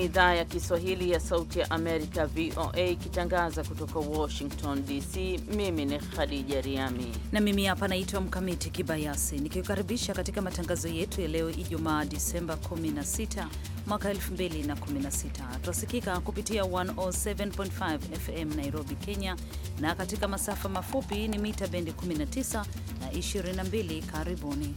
ni idhaa ya Kiswahili ya Sauti ya Amerika, VOA, ikitangaza kutoka Washington DC. Mimi ni Khadija Riami na mimi hapa naitwa Mkamiti Kibayasi, nikikaribisha katika matangazo yetu ya leo Ijumaa, Disemba 16 mwaka 2016. Tunasikika kupitia 107.5 FM Nairobi, Kenya, na katika masafa mafupi ni mita bendi 19 na 22. Karibuni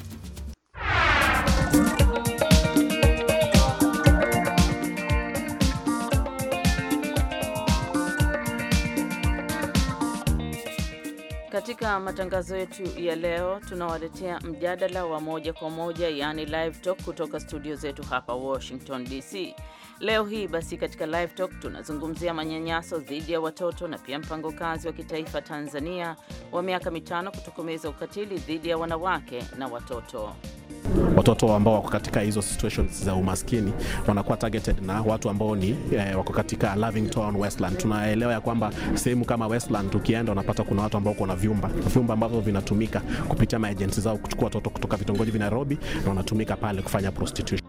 Katika matangazo yetu ya leo tunawaletea mjadala wa moja kwa moja, yani live talk kutoka studio zetu hapa Washington DC. Leo hii basi, katika live talk tunazungumzia manyanyaso dhidi ya watoto na pia mpango kazi wa kitaifa Tanzania wa miaka mitano kutokomeza ukatili dhidi ya wanawake na watoto watoto ambao wako katika hizo situations za umaskini wanakuwa targeted na watu ambao ni eh, wako katika Lavington, Westland. Tunaelewa ya kwamba sehemu kama Westland ukienda unapata kuna watu ambao kuna vyumba vyumba ambavyo vinatumika kupitia maagents zao kuchukua watoto kutoka vitongoji vya Nairobi na wanatumika pale kufanya prostitution.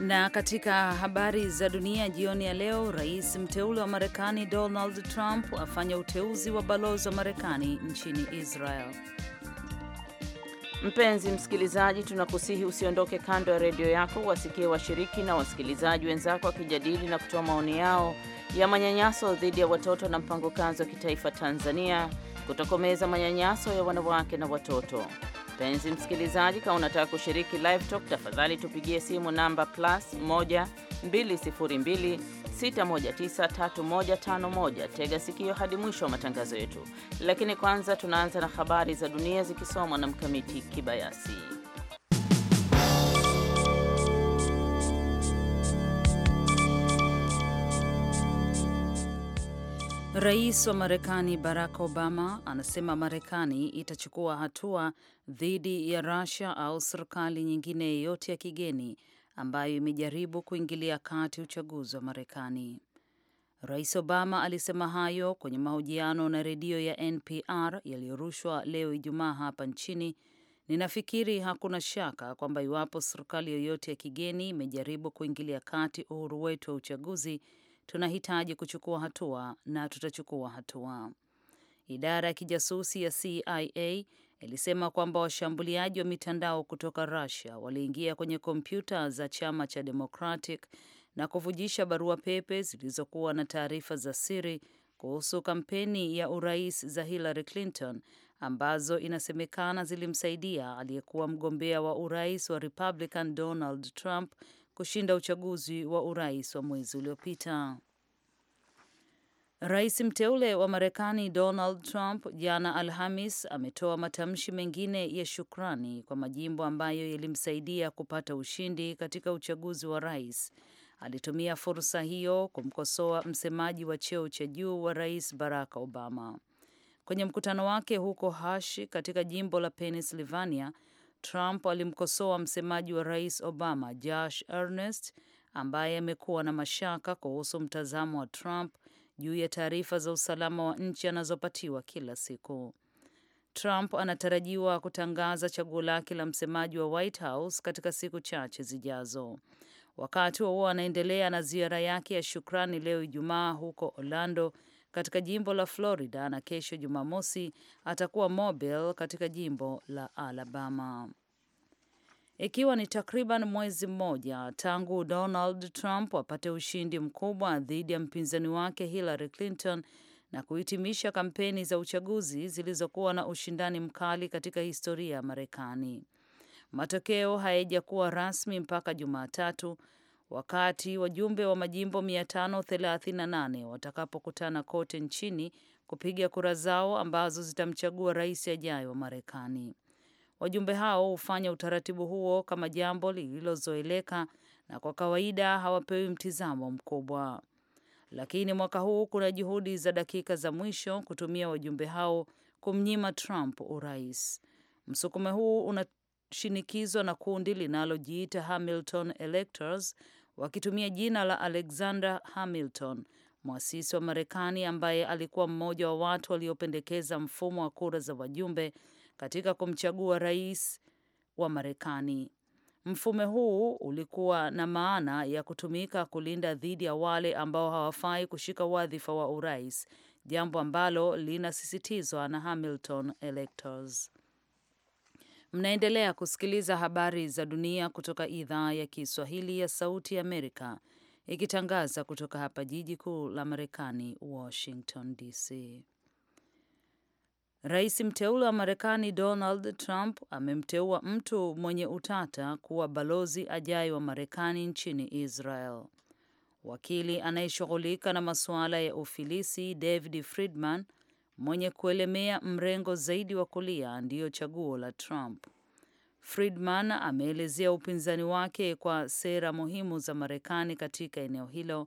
Na katika habari za dunia jioni ya leo, rais mteule wa Marekani Donald Trump afanya uteuzi wa balozi wa Marekani nchini Israel. Mpenzi msikilizaji, tunakusihi usiondoke kando ya redio yako, wasikie washiriki na wasikilizaji wenzako wakijadili na kutoa maoni yao ya manyanyaso dhidi ya watoto na mpango kazi wa kitaifa Tanzania kutokomeza manyanyaso ya wanawake na watoto. Mpenzi msikilizaji, kama unataka kushiriki live talk, tafadhali tupigie simu namba plus 1 202 6193151. Tega sikio hadi mwisho wa matangazo yetu, lakini kwanza tunaanza na habari za dunia zikisomwa na Mkamiti Kibayasi. Rais wa Marekani Barack Obama anasema Marekani itachukua hatua dhidi ya Russia au serikali nyingine yeyote ya kigeni ambayo imejaribu kuingilia kati uchaguzi wa Marekani. Rais Obama alisema hayo kwenye mahojiano na redio ya NPR yaliyorushwa leo Ijumaa hapa nchini. Ninafikiri hakuna shaka kwamba iwapo serikali yoyote ya kigeni imejaribu kuingilia kati uhuru wetu wa uchaguzi, tunahitaji kuchukua hatua na tutachukua hatua. Idara ya kijasusi ya CIA ilisema kwamba washambuliaji wa mitandao kutoka Russia waliingia kwenye kompyuta za chama cha Democratic na kuvujisha barua pepe zilizokuwa na taarifa za siri kuhusu kampeni ya urais za Hillary Clinton ambazo inasemekana zilimsaidia aliyekuwa mgombea wa urais wa Republican Donald Trump kushinda uchaguzi wa urais wa mwezi uliopita. Rais mteule wa Marekani Donald Trump jana Alhamis ametoa matamshi mengine ya shukrani kwa majimbo ambayo yalimsaidia kupata ushindi katika uchaguzi wa rais. Alitumia fursa hiyo kumkosoa msemaji wa cheo cha juu wa rais Barack Obama kwenye mkutano wake huko Hash katika jimbo la Pennsylvania. Trump alimkosoa msemaji wa rais Obama Josh Earnest ambaye amekuwa na mashaka kuhusu mtazamo wa Trump juu ya taarifa za usalama wa nchi anazopatiwa kila siku. Trump anatarajiwa kutangaza chaguo lake la msemaji wa White House katika siku chache zijazo. Wakati huo anaendelea na ziara yake ya shukrani leo Ijumaa huko Orlando katika jimbo la Florida na kesho Jumamosi atakuwa Mobile katika jimbo la Alabama ikiwa ni takriban mwezi mmoja tangu Donald Trump apate ushindi mkubwa dhidi ya mpinzani wake Hillary Clinton na kuhitimisha kampeni za uchaguzi zilizokuwa na ushindani mkali katika historia ya Marekani. Matokeo hayajakuwa rasmi mpaka Jumatatu wakati wajumbe wa majimbo 538 watakapokutana kote nchini kupiga kura zao ambazo zitamchagua rais ajayo wa Marekani. Wajumbe hao hufanya utaratibu huo kama jambo lililozoeleka na kwa kawaida hawapewi mtizamo mkubwa. Lakini mwaka huu kuna juhudi za dakika za mwisho kutumia wajumbe hao kumnyima Trump urais. msukume huu unashinikizwa na kundi linalojiita Hamilton Electors wakitumia jina la Alexander Hamilton, mwasisi wa Marekani ambaye alikuwa mmoja wa watu waliopendekeza mfumo wa kura za wajumbe katika kumchagua rais wa Marekani. Mfumo huu ulikuwa na maana ya kutumika kulinda dhidi ya wale ambao hawafai kushika wadhifa wa urais, jambo ambalo linasisitizwa na Hamilton Electors. Mnaendelea kusikiliza habari za dunia kutoka idhaa ya Kiswahili ya Sauti ya Amerika, ikitangaza kutoka hapa jiji kuu la Marekani, Washington DC. Rais mteule wa Marekani Donald Trump amemteua mtu mwenye utata kuwa balozi ajaye wa Marekani nchini Israel. Wakili anayeshughulika na masuala ya ufilisi David Friedman, mwenye kuelemea mrengo zaidi wa kulia, ndiyo chaguo la Trump. Friedman ameelezea upinzani wake kwa sera muhimu za Marekani katika eneo hilo,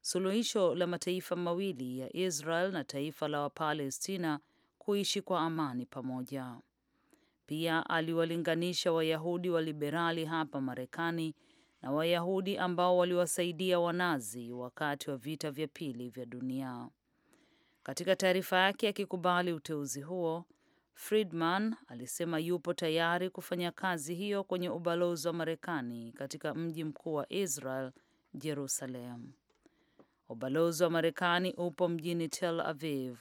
suluhisho la mataifa mawili ya Israel na taifa la Wapalestina kuishi kwa amani pamoja. Pia aliwalinganisha Wayahudi wa liberali hapa Marekani na Wayahudi ambao waliwasaidia Wanazi wakati wa vita vya pili vya dunia. Katika taarifa yake akikubali uteuzi huo, Friedman alisema yupo tayari kufanya kazi hiyo kwenye ubalozi wa Marekani katika mji mkuu wa Israel, Jerusalem. Ubalozi wa Marekani upo mjini Tel Aviv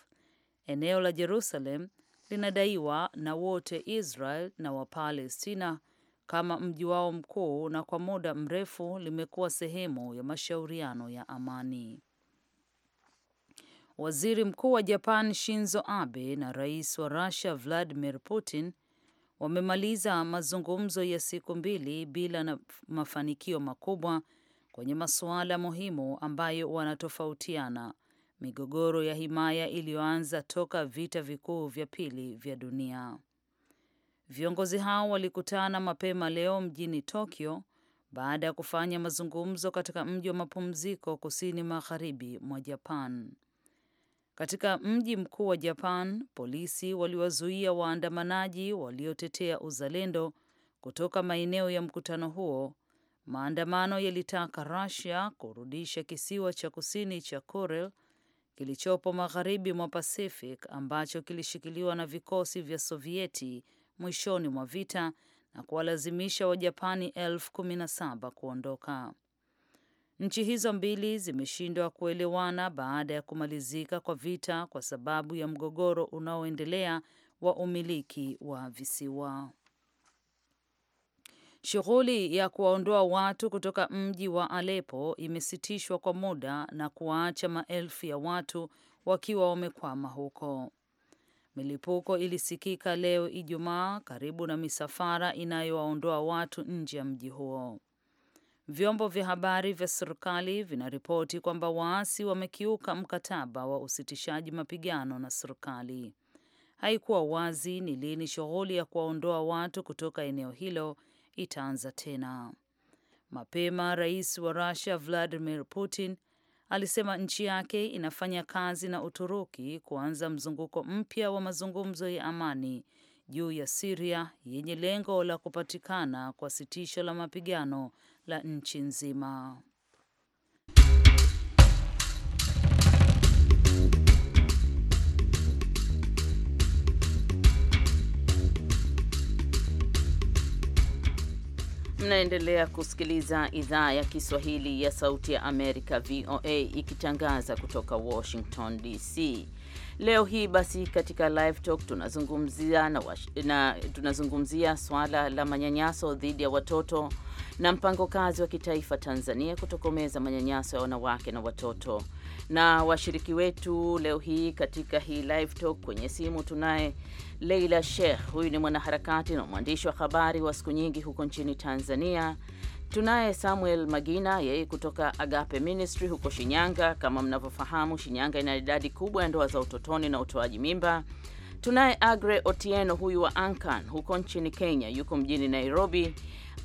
Eneo la Jerusalem linadaiwa na wote Israel na Wapalestina kama mji wao mkuu na kwa muda mrefu limekuwa sehemu ya mashauriano ya amani. Waziri Mkuu wa Japan Shinzo Abe na Rais wa Russia Vladimir Putin wamemaliza mazungumzo ya siku mbili bila na mafanikio makubwa kwenye masuala muhimu ambayo wanatofautiana migogoro ya himaya iliyoanza toka vita vikuu vya pili vya dunia. Viongozi hao walikutana mapema leo mjini Tokyo baada ya kufanya mazungumzo katika mji wa mapumziko kusini magharibi mwa Japan. Katika mji mkuu wa Japan, polisi waliwazuia waandamanaji waliotetea uzalendo kutoka maeneo ya mkutano huo. Maandamano yalitaka Russia kurudisha kisiwa cha kusini cha Kuril kilichopo magharibi mwa Pacific ambacho kilishikiliwa na vikosi vya Sovieti mwishoni mwa vita na kuwalazimisha Wajapani elfu kumi na saba kuondoka. Nchi hizo mbili zimeshindwa kuelewana baada ya kumalizika kwa vita kwa sababu ya mgogoro unaoendelea wa umiliki wa visiwa. Shughuli ya kuwaondoa watu kutoka mji wa Aleppo imesitishwa kwa muda na kuwaacha maelfu ya watu wakiwa wamekwama huko. Milipuko ilisikika leo Ijumaa karibu na misafara inayowaondoa watu nje ya mji huo. Vyombo vya habari vya serikali vinaripoti kwamba waasi wamekiuka mkataba wa usitishaji mapigano na serikali. Haikuwa wazi ni lini shughuli ya kuwaondoa watu kutoka eneo hilo itaanza tena. Mapema rais wa Rusia Vladimir Putin alisema nchi yake inafanya kazi na Uturuki kuanza mzunguko mpya wa mazungumzo ya amani juu ya Siria yenye lengo la kupatikana kwa sitisho la mapigano la nchi nzima. Mnaendelea kusikiliza idhaa ya Kiswahili ya Sauti ya Amerika, VOA, ikitangaza kutoka Washington DC. Leo hii basi, katika live talk tunazungumzia, na na, tunazungumzia swala la manyanyaso dhidi ya watoto na mpango kazi wa kitaifa Tanzania kutokomeza manyanyaso ya wanawake na watoto na washiriki wetu leo hii katika hii live talk. Kwenye simu tunaye Leila Sheikh, huyu ni mwanaharakati na mwandishi wa habari wa siku nyingi huko nchini Tanzania. Tunaye Samuel Magina, yeye kutoka Agape Ministry huko Shinyanga. Kama mnavyofahamu, Shinyanga ina idadi kubwa ya ndoa za utotoni na utoaji mimba. Tunaye Agre Otieno, huyu wa Ankan huko nchini Kenya, yuko mjini Nairobi.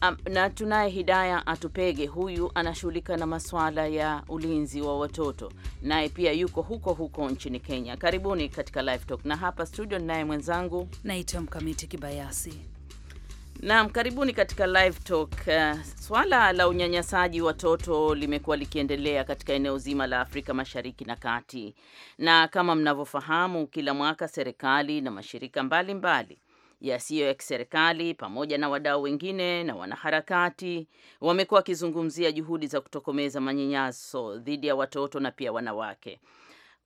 Um, na tunaye Hidaya Atupege, huyu anashughulika na masuala ya ulinzi wa watoto, naye pia yuko huko huko nchini Kenya. Karibuni katika Live Talk, na hapa studio ninaye mwenzangu naitwa Mkamiti Kibayasi. Naam, karibuni katika Live Talk. Uh, swala la unyanyasaji watoto limekuwa likiendelea katika eneo zima la Afrika Mashariki na Kati, na kama mnavyofahamu, kila mwaka serikali na mashirika mbalimbali mbali yasiyo ya kiserikali pamoja na wadau wengine na wanaharakati wamekuwa wakizungumzia juhudi za kutokomeza manyanyaso dhidi ya watoto na pia wanawake.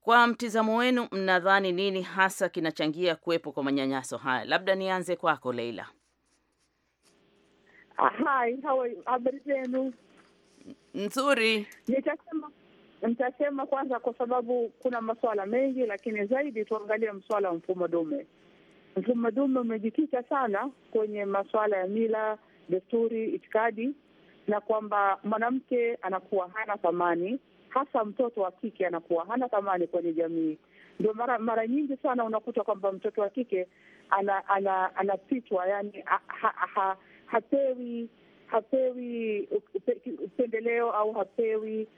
Kwa mtizamo wenu, mnadhani nini hasa kinachangia kuwepo kwa manyanyaso haya? Labda nianze kwako Leila. Hai, habari zenu? Nzuri. Nitasema nitasema kwanza, kwa sababu kuna masuala mengi, lakini zaidi tuangalie mswala wa mfumo dume Mfumo dume umejikita sana kwenye masuala ya mila, desturi, itikadi na kwamba mwanamke anakuwa hana thamani, hasa mtoto wa kike anakuwa hana thamani kwenye jamii. Ndio mara mara nyingi sana unakuta kwamba mtoto wa kike ana, ana, anapitwa yani ha, ha, ha, hapewi hapewi upendeleo au hapewi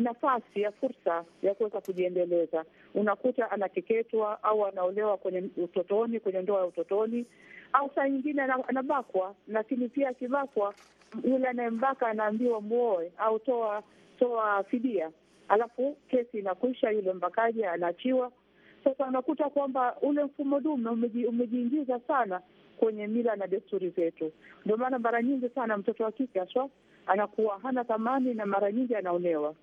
nafasi ya fursa ya kuweza kujiendeleza. Unakuta anakeketwa au anaolewa kwenye utotoni, kwenye ndoa ya utotoni, au saa nyingine anabakwa. Lakini pia akibakwa, yule anayembaka anaambiwa mwoe au toa toa fidia, alafu kesi inakwisha, yule mbakaji anaachiwa. Sasa unakuta kwamba ule mfumo dume umejiingiza sana kwenye mila na desturi zetu. Ndio maana mara nyingi sana mtoto wa kike haswa anakuwa hana thamani na mara nyingi anaonewa.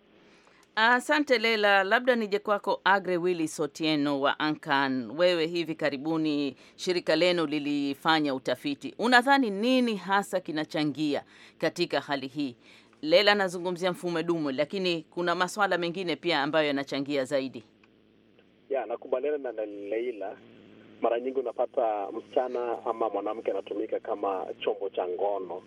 Asante Lela, labda nije kwako Agre willi sotieno wa Ankan. Wewe hivi karibuni shirika lenu lilifanya utafiti, unadhani nini hasa kinachangia katika hali hii? Lela anazungumzia mfumo dume, lakini kuna maswala mengine pia ambayo yanachangia zaidi. Ya, nakubaliana na, na Leila. Mara nyingi unapata msichana ama mwanamke anatumika kama chombo cha ngono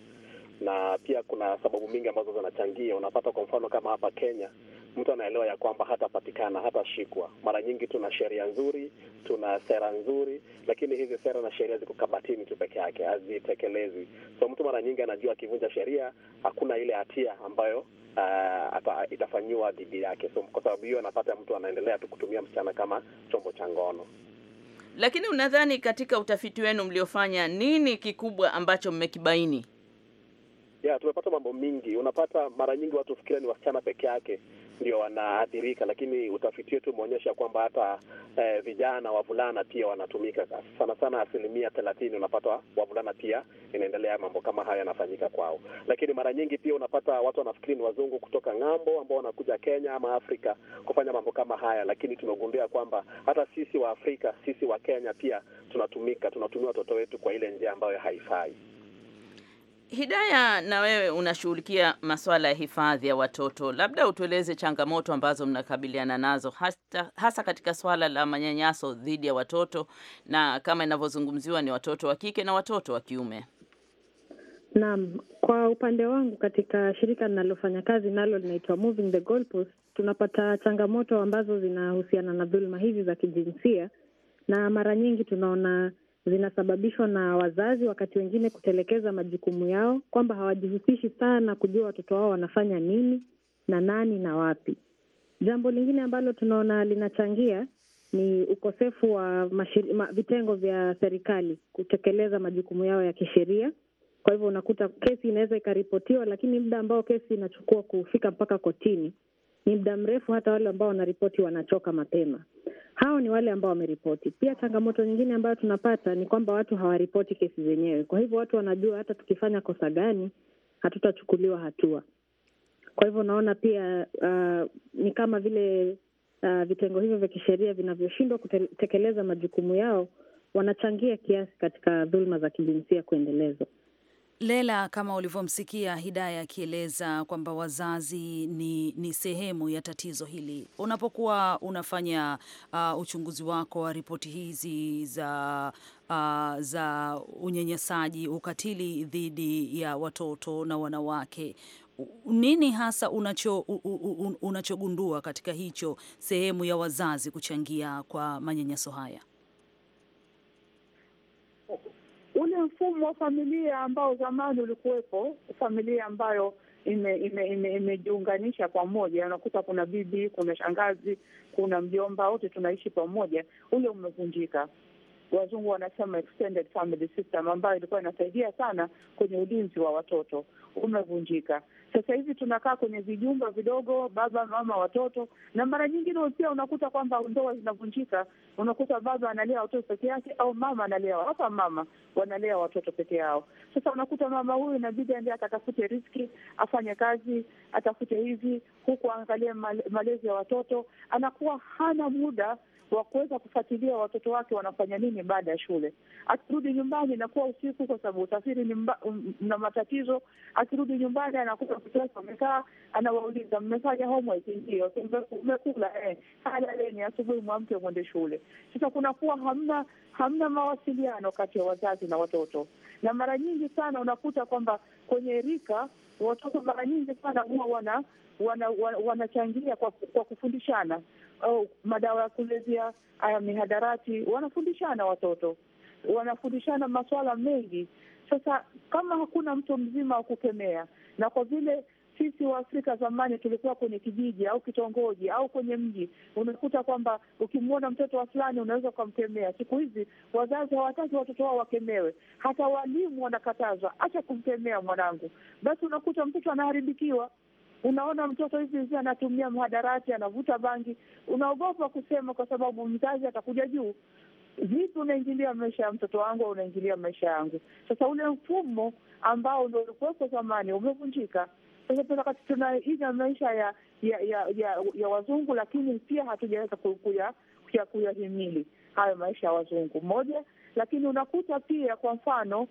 na pia kuna sababu mingi ambazo zinachangia. Unapata kwa mfano kama hapa Kenya, mtu anaelewa ya kwamba hatapatikana, hatashikwa. Mara nyingi tuna sheria nzuri, tuna sera nzuri, lakini hizi sera na sheria ziko kabatini tu peke yake, hazitekelezwi. So mtu mara nyingi anajua akivunja sheria hakuna ile hatia ambayo uh, itafanyiwa dhidi yake. So kwa sababu hiyo anapata mtu anaendelea tu kutumia msichana kama chombo cha ngono. Lakini unadhani katika utafiti wenu mliofanya, nini kikubwa ambacho mmekibaini? Yeah, tumepata mambo mingi. Unapata mara nyingi watu hufikiria ni wasichana peke yake ndio wanaathirika, lakini utafiti wetu umeonyesha kwamba hata eh, vijana wavulana pia wanatumika sana sana. Asilimia thelathini unapata wavulana pia inaendelea mambo kama haya yanafanyika kwao, lakini mara nyingi pia unapata watu wanafikiri ni wazungu kutoka ng'ambo ambao wanakuja Kenya ama Afrika kufanya mambo kama haya, lakini tumegundua kwamba hata sisi wa Afrika, sisi wa Kenya pia tunatumika, tunatumia watoto wetu kwa ile njia ambayo haifai. Hidaya, na wewe unashughulikia masuala ya hifadhi ya watoto, labda utueleze changamoto ambazo mnakabiliana nazo hasa, hasa katika swala la manyanyaso dhidi ya watoto, na kama inavyozungumziwa ni watoto wa kike na watoto wa kiume. Naam, kwa upande wangu katika shirika linalofanya kazi nalo linaitwa Moving the Goalpost, tunapata changamoto ambazo zinahusiana na dhuluma hizi za kijinsia, na mara nyingi tunaona zinasababishwa na wazazi wakati wengine kutelekeza majukumu yao, kwamba hawajihusishi sana kujua watoto wao wanafanya nini na nani na wapi. Jambo lingine ambalo tunaona linachangia ni ukosefu wa mashir, ma, vitengo vya serikali kutekeleza majukumu yao ya kisheria. Kwa hivyo unakuta kesi inaweza ikaripotiwa, lakini muda ambao kesi inachukua kufika mpaka kotini ni muda mrefu, hata wale ambao wanaripoti wanachoka mapema. Hao ni wale ambao wameripoti. Pia changamoto nyingine ambayo tunapata ni kwamba watu hawaripoti kesi zenyewe, kwa hivyo watu wanajua hata tukifanya kosa gani hatutachukuliwa hatua. Kwa hivyo unaona pia uh, ni kama vile uh, vitengo hivyo vya kisheria vinavyoshindwa kutekeleza majukumu yao wanachangia kiasi katika dhuluma za kijinsia kuendelezwa. Lela, kama ulivyomsikia Hidaya akieleza kwamba wazazi ni, ni sehemu ya tatizo hili. Unapokuwa unafanya uh, uchunguzi wako wa ripoti hizi za uh, za unyanyasaji, ukatili dhidi ya watoto na wanawake nini hasa unacho, unachogundua katika hicho sehemu ya wazazi kuchangia kwa manyanyaso haya? ule mfumo wa familia ambao zamani ulikuwepo, familia ambayo imejiunganisha ime, ime, ime pamoja, unakuta kuna bibi, kuna shangazi, kuna mjomba, wote tunaishi pamoja, ule umevunjika. Wazungu wanasema extended family system ambayo ilikuwa inasaidia sana kwenye ulinzi wa watoto, umevunjika. Sasa hivi tunakaa kwenye vijumba vidogo, baba mama, watoto, na mara nyingine pia unakuta kwamba ndoa zinavunjika. Unakuta baba analea watoto peke yake, au mama analea, hapa mama wanalea watoto peke yao. Sasa unakuta mama huyu inabidi aende akatafute riski, afanye kazi, atafute hivi huku, aangalie male, malezi ya watoto, anakuwa hana muda wa kuweza kufuatilia watoto wake wanafanya nini baada ya shule. Akirudi nyumbani inakuwa usiku, kwa sababu usafiri ni na matatizo. Akirudi nyumbani anakuta watoto wake wamekaa, anawauliza mmefanya homework? Ndio. Mmekula? Eh. Haya, asubuhi, mwamke mwende shule. Sasa kunakuwa hamna hamna mawasiliano kati ya wazazi na watoto, na mara nyingi sana unakuta kwamba kwenye rika watoto mara nyingi sana huwa wana wanachangia wana, wana kwa, kwa kufundishana oh, madawa ya kulevya, haya mihadarati, wanafundishana watoto, wanafundishana masuala mengi. Sasa kama hakuna mtu mzima wa kukemea, na kwa vile sisi wa afrika zamani tulikuwa kwenye kijiji au kitongoji au kwenye mji, unakuta kwamba ukimwona mtoto wa fulani unaweza ukamkemea. Siku hizi wazazi hawataki watoto wao wakemewe, hata walimu wanakatazwa, acha kumkemea mwanangu. Basi unakuta mtoto anaharibikiwa. Unaona mtoto hivi anatumia mhadarati, anavuta bangi, unaogopa kusema kwa sababu mzazi atakuja juu. Vipi unaingilia maisha ya mtoto wangu, au unaingilia maisha yangu? Sasa ule mfumo ambao ndo ulikuwepo zamani umevunjika. Sasa tunakati tunaiga maisha ya ya, ya ya ya wazungu, lakini pia hatujaweza kuyahimili hayo maisha ya wazungu moja. Lakini unakuta pia kwa mfano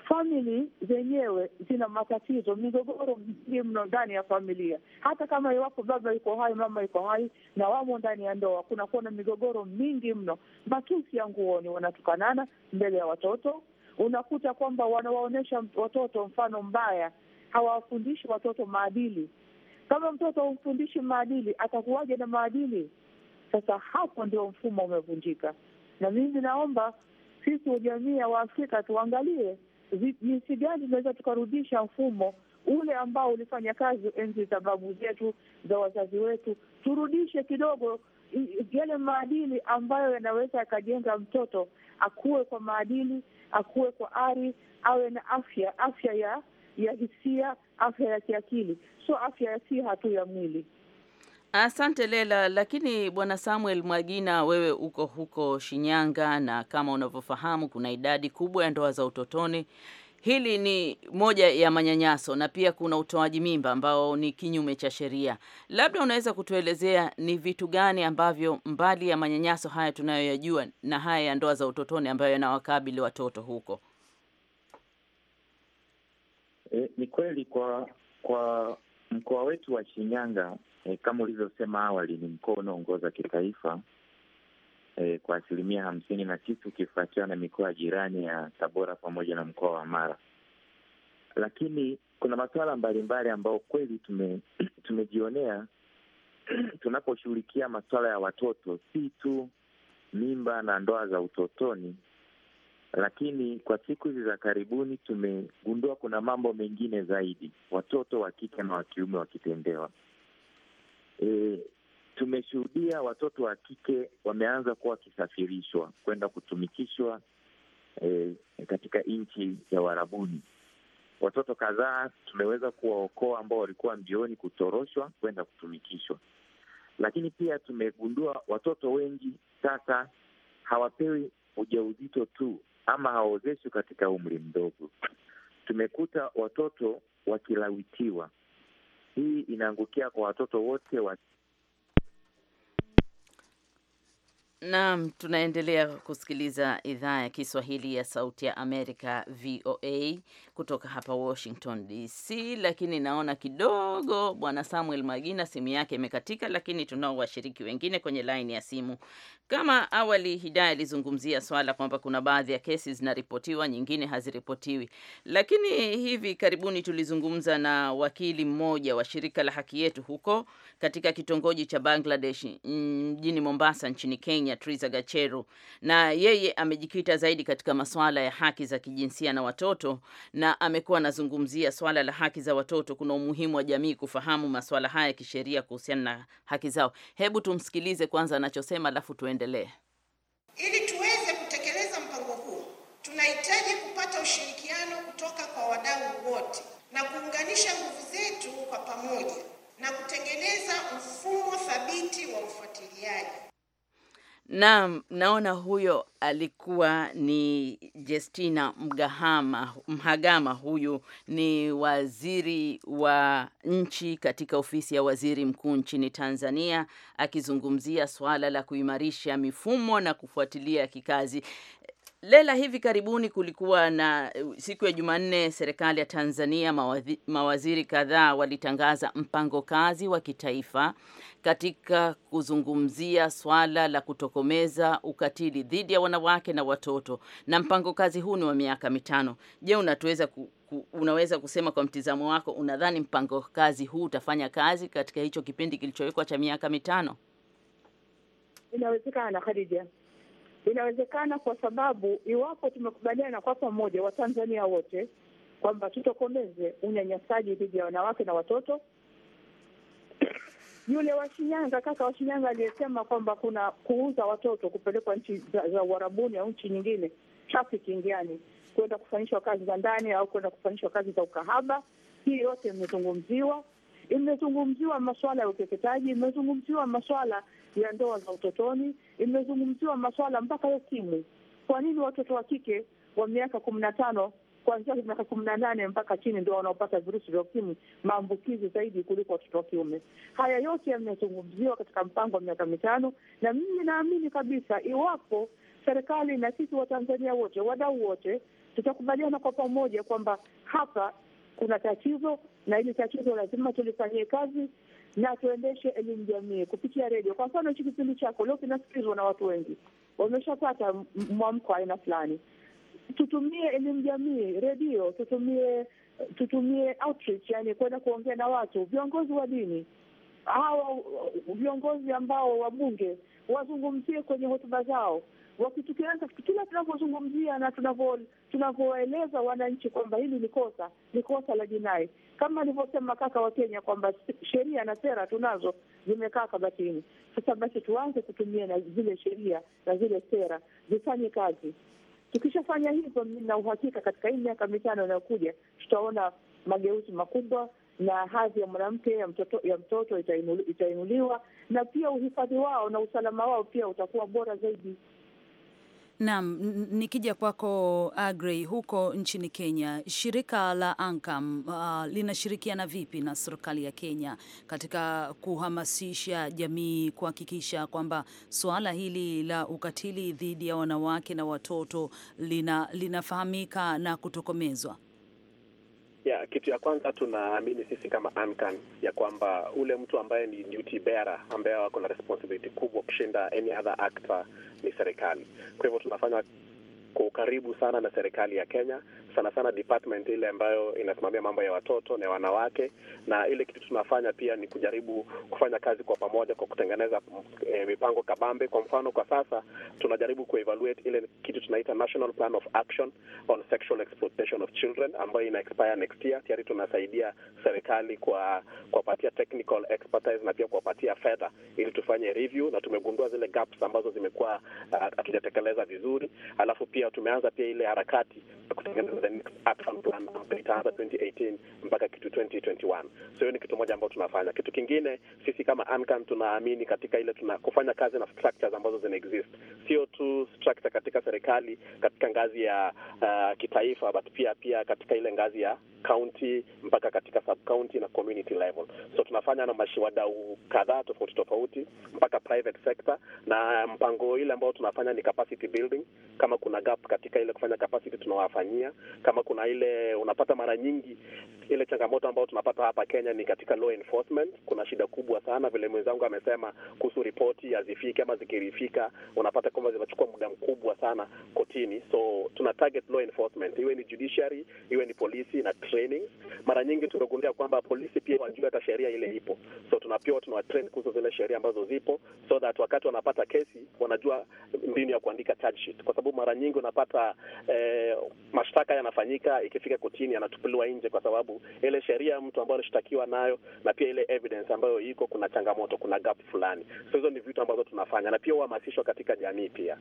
famili zenyewe zina matatizo, migogoro mingi mno ndani ya familia. Hata kama iwapo baba yuko hai, mama yuko hai na wamo ndani ya ndoa, kunakuwa na migogoro mingi mno, matusi ya nguoni, wanatukanana mbele ya watoto. Unakuta kwamba wanawaonyesha watoto mfano mbaya, hawawafundishi watoto maadili. Kama mtoto humfundishi maadili, atakuwaje na maadili? Sasa hapo ndio mfumo umevunjika, na mimi naomba sisi jamii ya Waafrika tuangalie jinsi gani tunaweza tukarudisha mfumo ule ambao ulifanya kazi enzi za babu zetu za wazazi wetu, turudishe kidogo yale maadili ambayo yanaweza yakajenga mtoto akuwe kwa maadili, akuwe kwa ari, awe na afya, afya ya ya hisia, afya ya kiakili, sio afya ya siha tu ya mwili. Asante Lela, lakini bwana Samuel Mwagina, wewe uko huko Shinyanga na kama unavyofahamu kuna idadi kubwa ya ndoa za utotoni. Hili ni moja ya manyanyaso na pia kuna utoaji mimba ambao ni kinyume cha sheria. Labda unaweza kutuelezea ni vitu gani ambavyo mbali ya manyanyaso haya tunayoyajua na haya ya ndoa za utotoni ambayo yanawakabili watoto huko? E, ni kweli kwa kwa Mkoa wetu wa Shinyanga e, kama ulivyosema awali ni mkoa unaoongoza kitaifa e, kwa asilimia hamsini na kitu ukifuatiwa na mikoa jirani ya Tabora pamoja na mkoa wa Mara, lakini kuna masuala mbalimbali ambayo kweli tume, tumejionea tunaposhughulikia masuala ya watoto si tu mimba na ndoa za utotoni, lakini kwa siku hizi za karibuni tumegundua kuna mambo mengine zaidi, watoto wa kike na wa kiume wakitendewa. E, tumeshuhudia watoto wa kike wameanza kuwa wakisafirishwa kwenda kutumikishwa e, katika nchi ya Uarabuni. Watoto kadhaa tumeweza kuwaokoa ambao walikuwa mbioni kutoroshwa kwenda kutumikishwa, lakini pia tumegundua watoto wengi sasa hawapewi ujauzito tu, ama hawawezeshwi katika umri mdogo. Tumekuta watoto wakilawitiwa. Hii inaangukia kwa watoto wote wa Naam, tunaendelea kusikiliza idhaa ya Kiswahili ya Sauti ya Amerika, VOA, kutoka hapa Washington DC. Lakini naona kidogo Bwana Samuel Magina simu yake imekatika, lakini tunao washiriki wengine kwenye laini ya simu. Kama awali, Hidaya alizungumzia swala kwamba kuna baadhi ya kesi zinaripotiwa, nyingine haziripotiwi, lakini hivi karibuni tulizungumza na wakili mmoja wa shirika la haki yetu huko katika kitongoji cha Bangladesh mm, mjini Mombasa nchini Kenya, Triza Gacheru, na yeye amejikita zaidi katika masuala ya haki za kijinsia na watoto, na amekuwa anazungumzia swala la haki za watoto. Kuna umuhimu wa jamii kufahamu masuala haya ya kisheria kuhusiana na haki zao. Hebu tumsikilize kwanza anachosema, alafu tuendelee ili tuweze kutekeleza mpango huu tunahitaji kupata ushirikiano kutoka kwa wadau wote na kuunganisha nguvu zetu kwa pamoja na kutengeneza mfumo thabiti wa ufuatiliaji. Naam, naona huyo alikuwa ni Justina Mgahama, Mhagama. Huyu ni waziri wa nchi katika ofisi ya waziri mkuu nchini Tanzania akizungumzia swala la kuimarisha mifumo na kufuatilia kikazi. Lela, hivi karibuni kulikuwa na uh, siku ya Jumanne, serikali ya Tanzania mawazi, mawaziri kadhaa walitangaza mpango kazi wa kitaifa katika kuzungumzia swala la kutokomeza ukatili dhidi ya wanawake na watoto, na mpango kazi huu ni wa miaka mitano. Je, unatuweza ku, ku, unaweza kusema kwa mtizamo wako, unadhani mpango kazi huu utafanya kazi katika hicho kipindi kilichowekwa cha miaka mitano? Inawezekana Khadija. Inawezekana kwa sababu iwapo tumekubaliana kwa pamoja Watanzania wote kwamba tutokomeze unyanyasaji dhidi ya wanawake na watoto. Yule wa Shinyanga, kaka wa Shinyanga aliyesema kwamba kuna kuuza watoto kupelekwa nchi za, za uharabuni au nchi nyingine, trafficking yani, kwenda kufanyishwa kazi za ndani au kwenda kufanyishwa kazi za ukahaba, hii yote imezungumziwa imezungumziwa masuala ya ukeketaji, imezungumziwa masuala ya ndoa za utotoni, imezungumziwa masuala mpaka ya simu. Kwa nini watoto wa kike wa miaka kumi na tano kuanzia miaka kumi na nane mpaka chini ndio wanaopata virusi vya ukimwi maambukizi zaidi kuliko watoto wa kiume. Haya yote yamezungumziwa katika mpango wa miaka mitano, na mimi naamini kabisa iwapo serikali na sisi Watanzania wote, wadau wote, tutakubaliana kwa pamoja kwamba hapa kuna tatizo, na hili tatizo lazima tulifanyie kazi na tuendeshe elimu jamii kupitia redio. Kwa mfano, hichi kipindi chako leo kinasikilizwa na watu wengi, wameshapata mwamko aina fulani. Tutumie elimu jamii, redio, tutumie tutumie outreach, yani kwenda kuongea na watu, viongozi wa dini, hawa viongozi ambao wabunge wazungumzie kwenye hotuba zao wakitukianza kila tunavyozungumzia na tunavyoeleza wananchi kwamba hili ni kosa, ni kosa la jinai, kama alivyosema kaka wa Kenya kwamba sheria na sera tunazo zimekaa kabatini. Sasa basi tuanze kutumia na zile sheria na zile sera zifanye kazi. Tukishafanya hivyo, na uhakika katika hii miaka mitano inayokuja tutaona mageuzi makubwa na hadhi ya mwanamke ya mtoto, ya mtoto itainuliwa, na pia uhifadhi wao na usalama wao pia utakuwa bora zaidi. Naam, nikija kwako Agrey, uh, huko nchini Kenya, shirika la Ankam uh, linashirikiana vipi na serikali ya Kenya katika kuhamasisha jamii kuhakikisha kwamba suala hili la ukatili dhidi ya wanawake na watoto lina, linafahamika na kutokomezwa? Yeah, kitu ya kwanza tunaamini sisi kama ankan ya kwamba ule mtu ambaye ni duty bearer ambaye wako na responsibility kubwa kushinda any other actor ni serikali. Kwa hivyo tunafanya kwa ukaribu sana na serikali ya Kenya, sana sana department ile ambayo inasimamia mambo ya watoto na wanawake, na ile kitu tunafanya pia ni kujaribu kufanya kazi kwa pamoja kwa kutengeneza e, mipango kabambe. Kwa mfano, kwa sasa tunajaribu kuevaluate ile kitu tunaita National Plan of Action on Sexual Exploitation of Children ambayo ina expire next year. Tayari tunasaidia serikali kwa kuwapatia technical expertise na pia kuwapatia fedha ili tufanye review, na tumegundua zile gaps ambazo zimekuwa ah, hatujatekeleza vizuri, alafu pia pia tumeanza pia ile harakati ya kutengeneza action plan ambayo itaanza 2018 mpaka kitu 2021. So hiyo ni kitu moja ambayo tunafanya. Kitu kingine sisi kama ANCAN tunaamini katika ile tuna kufanya kazi na structures ambazo zina exist, sio tu structure katika serikali, katika ngazi ya uh, kitaifa, but pia pia katika ile ngazi ya county mpaka katika sub county na community level. So tunafanya na mashiwadau kadhaa tofauti tofauti mpaka private sector, na mpango ile ambao tunafanya ni capacity building kama kuna up katika ile kufanya capacity tunawafanyia. Kama kuna ile unapata mara nyingi ile changamoto ambayo tunapata hapa Kenya ni katika law enforcement. Kuna shida kubwa sana vile mwenzangu amesema kuhusu ripoti hazifiki, ama zikirifika unapata kwamba zinachukua muda mkubwa sana kotini. So tuna target law enforcement, iwe ni judiciary, iwe ni polisi na training. Mara nyingi tumegundua kwamba polisi pia wajua hata sheria ile ipo, so tunapewa train kuhusu zile sheria ambazo zipo, so that wakati wanapata kesi wanajua mbinu ya kuandika charge sheet, kwa sababu mara nyingi kidogo napata eh, mashtaka yanafanyika, ikifika kotini yanatupuliwa nje, kwa sababu ile sheria mtu ambayo anashtakiwa nayo na pia ile evidence ambayo iko, kuna changamoto, kuna gap fulani. So hizo ni vitu ambazo tunafanya na pia uhamasisho katika jamii pia.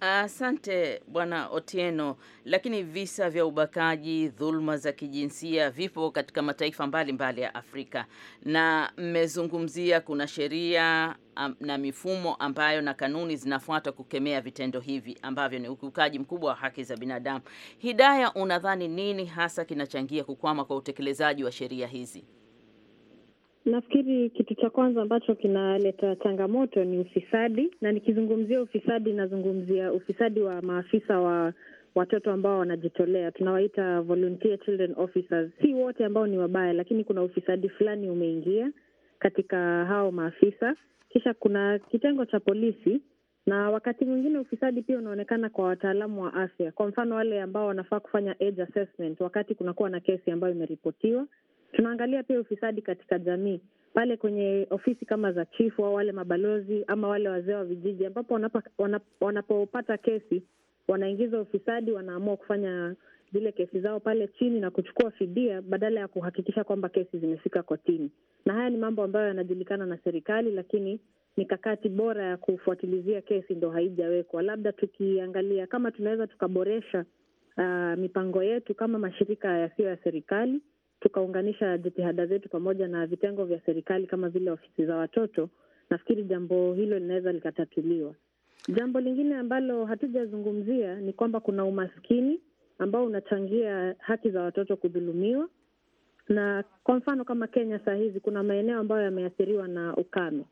Asante Bwana Otieno. Lakini visa vya ubakaji, dhuluma za kijinsia vipo katika mataifa mbalimbali mbali ya Afrika, na mmezungumzia kuna sheria na mifumo ambayo na kanuni zinafuatwa kukemea vitendo hivi ambavyo ni ukiukaji mkubwa wa haki za binadamu. Hidaya, unadhani nini hasa kinachangia kukwama kwa utekelezaji wa sheria hizi? Nafikiri kitu cha kwanza ambacho kinaleta changamoto ni ufisadi, na nikizungumzia ufisadi nazungumzia ufisadi wa maafisa wa watoto ambao wanajitolea, tunawaita volunteer children officers. Si wote ambao ni wabaya, lakini kuna ufisadi fulani umeingia katika hao maafisa. Kisha kuna kitengo cha polisi, na wakati mwingine ufisadi pia unaonekana kwa wataalamu wa afya, kwa mfano wale ambao wanafaa kufanya age assessment wakati kunakuwa na kesi ambayo imeripotiwa Tunaangalia pia ufisadi katika jamii pale kwenye ofisi kama za chifu au wale mabalozi ama wale wazee wa vijiji, ambapo wanapopata wanapo kesi wanaingiza ufisadi, wanaamua kufanya zile kesi zao pale chini na kuchukua fidia badala ya kuhakikisha kwamba kesi zimefika kotini. Na haya ni mambo ambayo yanajulikana na serikali, lakini mikakati bora ya kufuatilizia kesi ndo haijawekwa. Labda tukiangalia kama tunaweza tukaboresha uh, mipango yetu kama mashirika yasiyo ya serikali tukaunganisha jitihada zetu pamoja na vitengo vya serikali kama vile ofisi za watoto, nafikiri jambo hilo linaweza likatatuliwa. Jambo lingine ambalo hatujazungumzia ni kwamba kuna umaskini ambao unachangia haki za watoto kudhulumiwa, na kwa mfano kama Kenya saa hizi kuna maeneo ambayo yameathiriwa na ukame,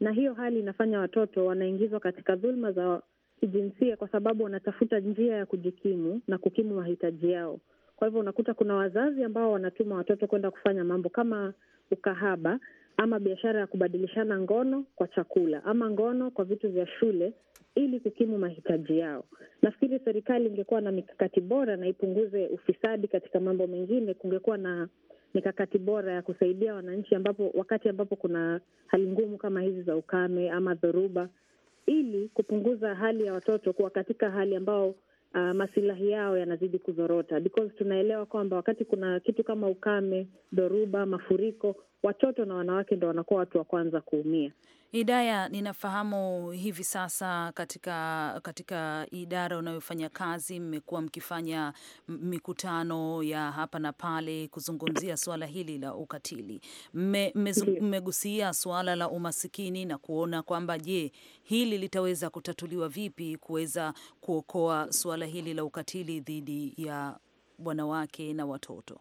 na hiyo hali inafanya watoto wanaingizwa katika dhuluma za kijinsia, kwa sababu wanatafuta njia ya kujikimu na kukimu mahitaji yao. Kwa hivyo unakuta kuna wazazi ambao wanatuma watoto kwenda kufanya mambo kama ukahaba ama biashara ya kubadilishana ngono kwa chakula ama ngono kwa vitu vya shule ili kukimu mahitaji yao. Nafikiri serikali ingekuwa na mikakati bora na ipunguze ufisadi katika mambo mengine, kungekuwa na mikakati bora ya kusaidia wananchi, ambapo wakati ambapo kuna hali ngumu kama hizi za ukame ama dhoruba, ili kupunguza hali ya watoto kuwa katika hali ambao uh, masilahi yao yanazidi kuzorota, because tunaelewa kwamba wakati kuna kitu kama ukame, dhoruba, mafuriko, watoto na wanawake ndo wanakuwa watu wa kwanza kuumia. Hidaya, ninafahamu hivi sasa katika, katika idara unayofanya kazi mmekuwa mkifanya mikutano ya hapa na pale kuzungumzia suala hili la ukatili. Mmegusia suala la umasikini na kuona kwamba je, hili litaweza kutatuliwa vipi kuweza kuokoa suala hili la ukatili dhidi ya wanawake na watoto?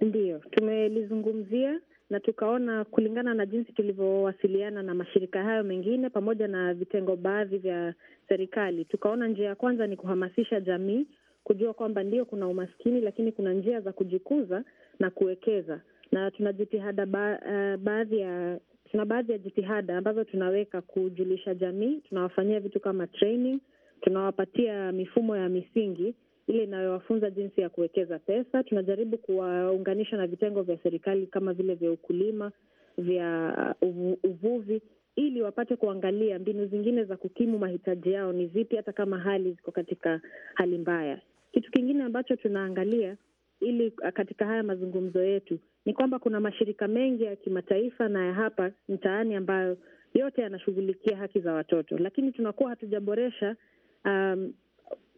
Ndiyo, tumelizungumzia na tukaona kulingana na jinsi tulivyowasiliana na mashirika hayo mengine pamoja na vitengo baadhi vya serikali, tukaona njia ya kwanza ni kuhamasisha jamii kujua kwamba ndio kuna umaskini, lakini kuna njia za kujikuza na kuwekeza, na tuna jitihada ba, uh, baadhi ya tuna baadhi ya jitihada ambazo tunaweka kujulisha jamii, tunawafanyia vitu kama training, tunawapatia mifumo ya misingi ile inayowafunza jinsi ya kuwekeza pesa. Tunajaribu kuwaunganisha na vitengo vya serikali kama vile vya ukulima, vya uvuvi, ili wapate kuangalia mbinu zingine za kukimu mahitaji yao ni zipi, hata kama hali ziko katika hali mbaya. Kitu kingine ambacho tunaangalia ili katika haya mazungumzo yetu ni kwamba kuna mashirika mengi ya kimataifa na ya hapa mtaani ambayo yote yanashughulikia haki za watoto, lakini tunakuwa hatujaboresha um,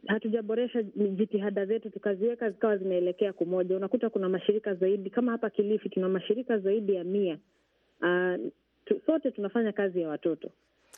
hatujaboresha jitihada zetu tukaziweka zikawa zinaelekea kumoja. Unakuta kuna mashirika zaidi, kama hapa Kilifi tuna mashirika zaidi ya mia. Uh, sote tunafanya kazi ya watoto,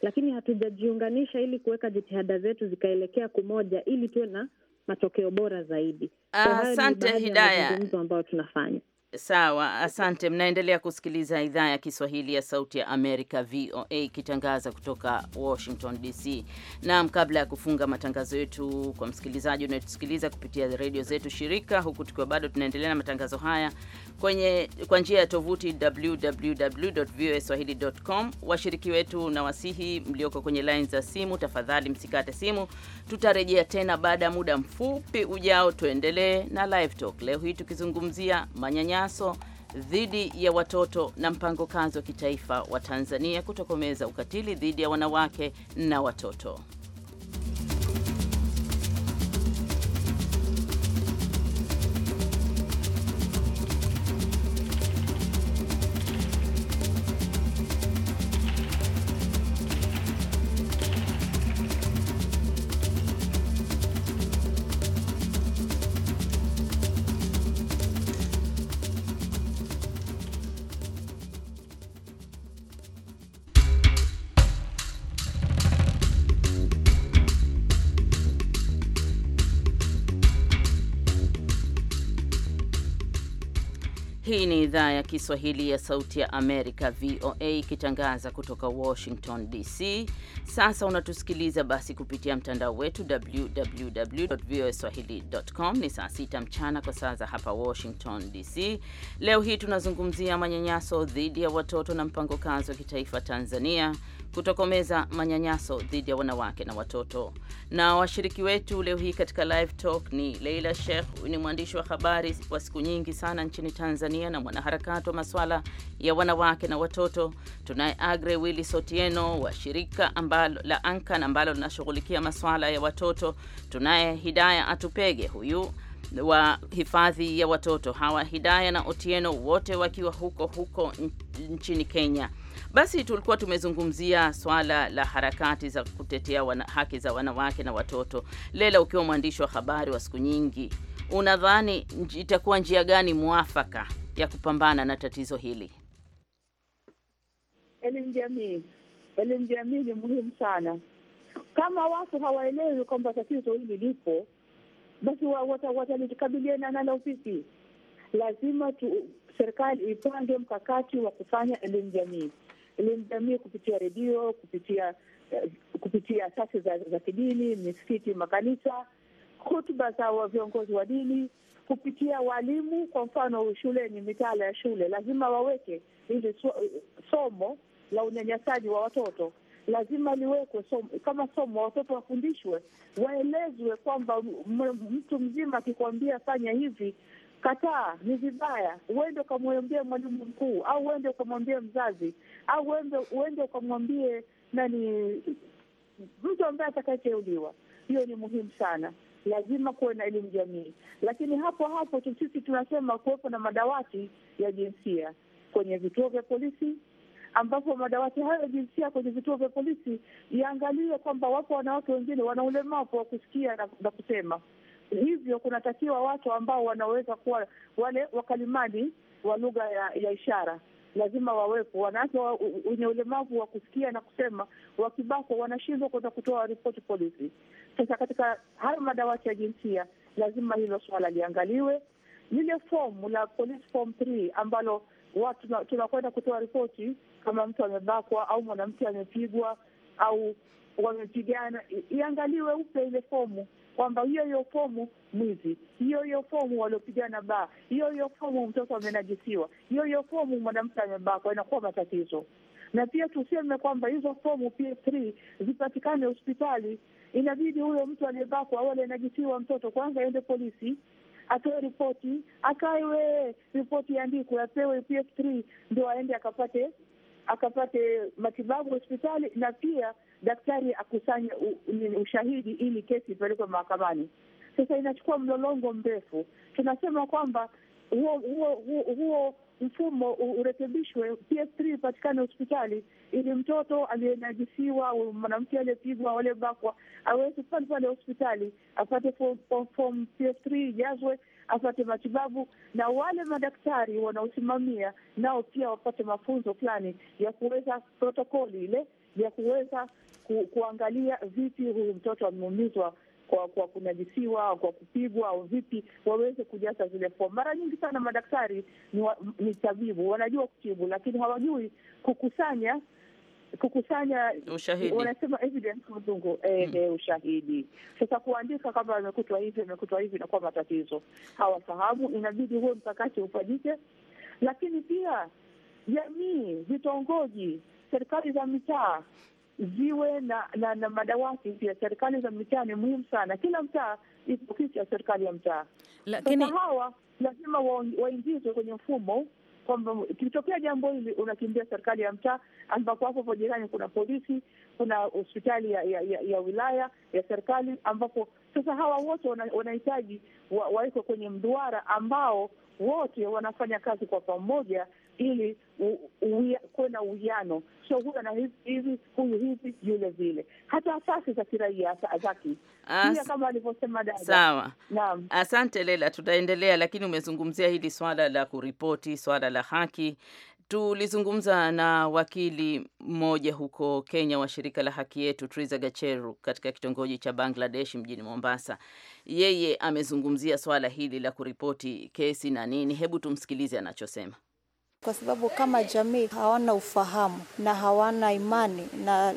lakini hatujajiunganisha ili kuweka jitihada zetu zikaelekea kumoja ili tuwe na matokeo bora zaidi. Asante uh, Hidaya, ambayo tunafanya Sawa, asante. Mnaendelea kusikiliza idhaa ya Kiswahili ya Sauti ya Amerika, VOA, ikitangaza kutoka Washington DC. Naam, kabla ya kufunga matangazo yetu, kwa msikilizaji unayetusikiliza kupitia redio zetu shirika, huku tukiwa bado tunaendelea na matangazo haya kwenye kwa njia ya tovuti www.voaswahili.com. Washiriki wetu na wasihi mlioko kwenye laini za simu, tafadhali msikate simu. Tutarejea tena baada ya muda mfupi ujao, tuendelee na live talk, leo hii tukizungumzia manyanya manyanyaso dhidi ya watoto na mpango kazi wa kitaifa wa Tanzania kutokomeza ukatili dhidi ya wanawake na watoto. Hii ni idhaa ya Kiswahili ya Sauti ya Amerika, VOA, ikitangaza kutoka Washington DC. Sasa unatusikiliza basi kupitia mtandao wetu www voa swahili.com. Ni saa sita mchana kwa saa za hapa Washington DC. Leo hii tunazungumzia manyanyaso dhidi ya watoto na mpango kazi wa kitaifa Tanzania kutokomeza manyanyaso dhidi ya wanawake na watoto. Na washiriki wetu leo hii katika live talk ni Leila Sheikh, ni mwandishi wa habari wa siku nyingi sana nchini Tanzania na mwanaharakati wa masuala ya wanawake na watoto. Tunaye Agre Willi Sotieno wa shirika ambalo la Ankan ambalo linashughulikia masuala ya watoto. Tunaye Hidaya Atupege huyu wa hifadhi ya watoto. Hawa Hidaya na Otieno wote wakiwa huko huko nchini Kenya. Basi tulikuwa tumezungumzia swala la harakati za kutetea wana, haki za wanawake na watoto. Lela, ukiwa mwandishi wa habari wa siku nyingi, unadhani itakuwa njia gani mwafaka ya kupambana na tatizo hili? Elimu jamii, elimu jamii ni muhimu sana. Kama watu hawaelewi kwamba tatizo hili lipo, basi watalikabiliana wata nalo vipi? Lazima tu serikali ipange mkakati wa kufanya elimu jamii elimu jamii kupitia redio, kupitia uh, kupitia asasi za, za kidini, misikiti, makanisa, hutuba za viongozi wa dini, kupitia walimu. Kwa mfano shuleni, mitaala ya shule lazima waweke ili so, somo la unyanyasaji wa watoto lazima liwekwe som, kama somo. Watoto wafundishwe, waelezwe kwamba mtu mzima akikwambia fanya hivi Kataa, ni vibaya. Uende ukamwambie mwalimu mkuu, au uende ukamwambie mzazi, au uende ukamwambie nani, mtu ambaye atakayeteuliwa. Hiyo ni muhimu sana. Lazima kuwe na elimu jamii, lakini hapo hapo sisi tunasema kuwepo na madawati ya jinsia kwenye vituo vya polisi, ambapo madawati hayo ya jinsia kwenye vituo vya polisi iangaliwe kwamba wapo wanawake wengine wana ulemavu wa kusikia na, na kusema hivyo kunatakiwa watu ambao wanaweza kuwa wale wakalimani wa lugha ya, ya ishara lazima wawepo. Wanawake wenye ulemavu wa kusikia na kusema wakibakwa wanashindwa kuweza kutoa ripoti polisi. Sasa katika hayo madawati ya jinsia, lazima hilo swala liangaliwe. Lile fomu la police form 3 ambalo watu tunakwenda kutoa ripoti kama mtu amebakwa au mwanamke amepigwa au wamepigana, iangaliwe upe ile fomu kwamba hiyo hiyo fomu mwizi, hiyo hiyo fomu waliopigana baa, hiyo hiyo fomu mtoto amenajisiwa, hiyo hiyo fomu mwanamke amebakwa, inakuwa matatizo. Na pia tuseme kwamba hizo fomu PF3 zipatikane hospitali, inabidi huyo mtu aliyebakwa au aliyenajisiwa mtoto kwanza aende polisi atoe ripoti, akawe ripoti iandikwe, apewe PF3 ndio aende akapate akapate matibabu hospitali, na pia daktari akusanye ushahidi ili kesi ipelekwe mahakamani. Sasa inachukua mlolongo mrefu. Tunasema kwamba huo huo huo mfumo urekebishwe, PS3 ipatikane hospitali, ili mtoto aliyenajisiwa, mwanamke aliyepigwa, aliyebakwa aweze pale pale hospitali apate form PS3 ijazwe, apate matibabu, na wale madaktari wanaosimamia nao pia wapate mafunzo fulani ya kuweza protokoli ile ya kuweza ku, kuangalia vipi huyu mtoto ameumizwa kwa kwa kunajisiwa au kwa kupigwa au vipi, waweze kujaza zile fomu. Mara nyingi sana madaktari ni, wa, ni tabibu wanajua kutibu, lakini hawajui kukusanya kukusanya ushahidi, wanasema evidence mzungu e, hmm. E, ushahidi. Sasa kuandika kama amekutwa hivi amekutwa hivi inakuwa matatizo, hawafahamu. Inabidi huo mkakati ufanyike, lakini pia jamii, vitongoji, serikali za mitaa ziwe na na, na madawati pia. Serikali za mitaa ni muhimu sana, kila mtaa ipo ofisi ya serikali ya mtaa. Lakini hawa lazima waingizwe kwenye mfumo kwamba ikitokea jambo hili unakimbia serikali ya mtaa, ambapo hapo po jirani kuna polisi, kuna hospitali ya, ya, ya, ya wilaya ya serikali, ambapo sasa hawa wote wanahitaji wawekwe kwenye mduara ambao wote wanafanya kazi kwa pamoja ili kuwe na uwiano, sio huyu ana hivi hivi, huyu hivi, yule vile, hata asasi za kiraia zaki As... kama alivyosema dada. Sawa, naam, asante Lela, tutaendelea lakini umezungumzia hili swala la kuripoti, swala la haki tulizungumza na wakili mmoja huko Kenya wa shirika la haki yetu Triza Gacheru katika kitongoji cha Bangladesh mjini Mombasa. Yeye amezungumzia swala hili la kuripoti kesi na nini. Hebu tumsikilize anachosema kwa sababu kama jamii hawana ufahamu na hawana imani na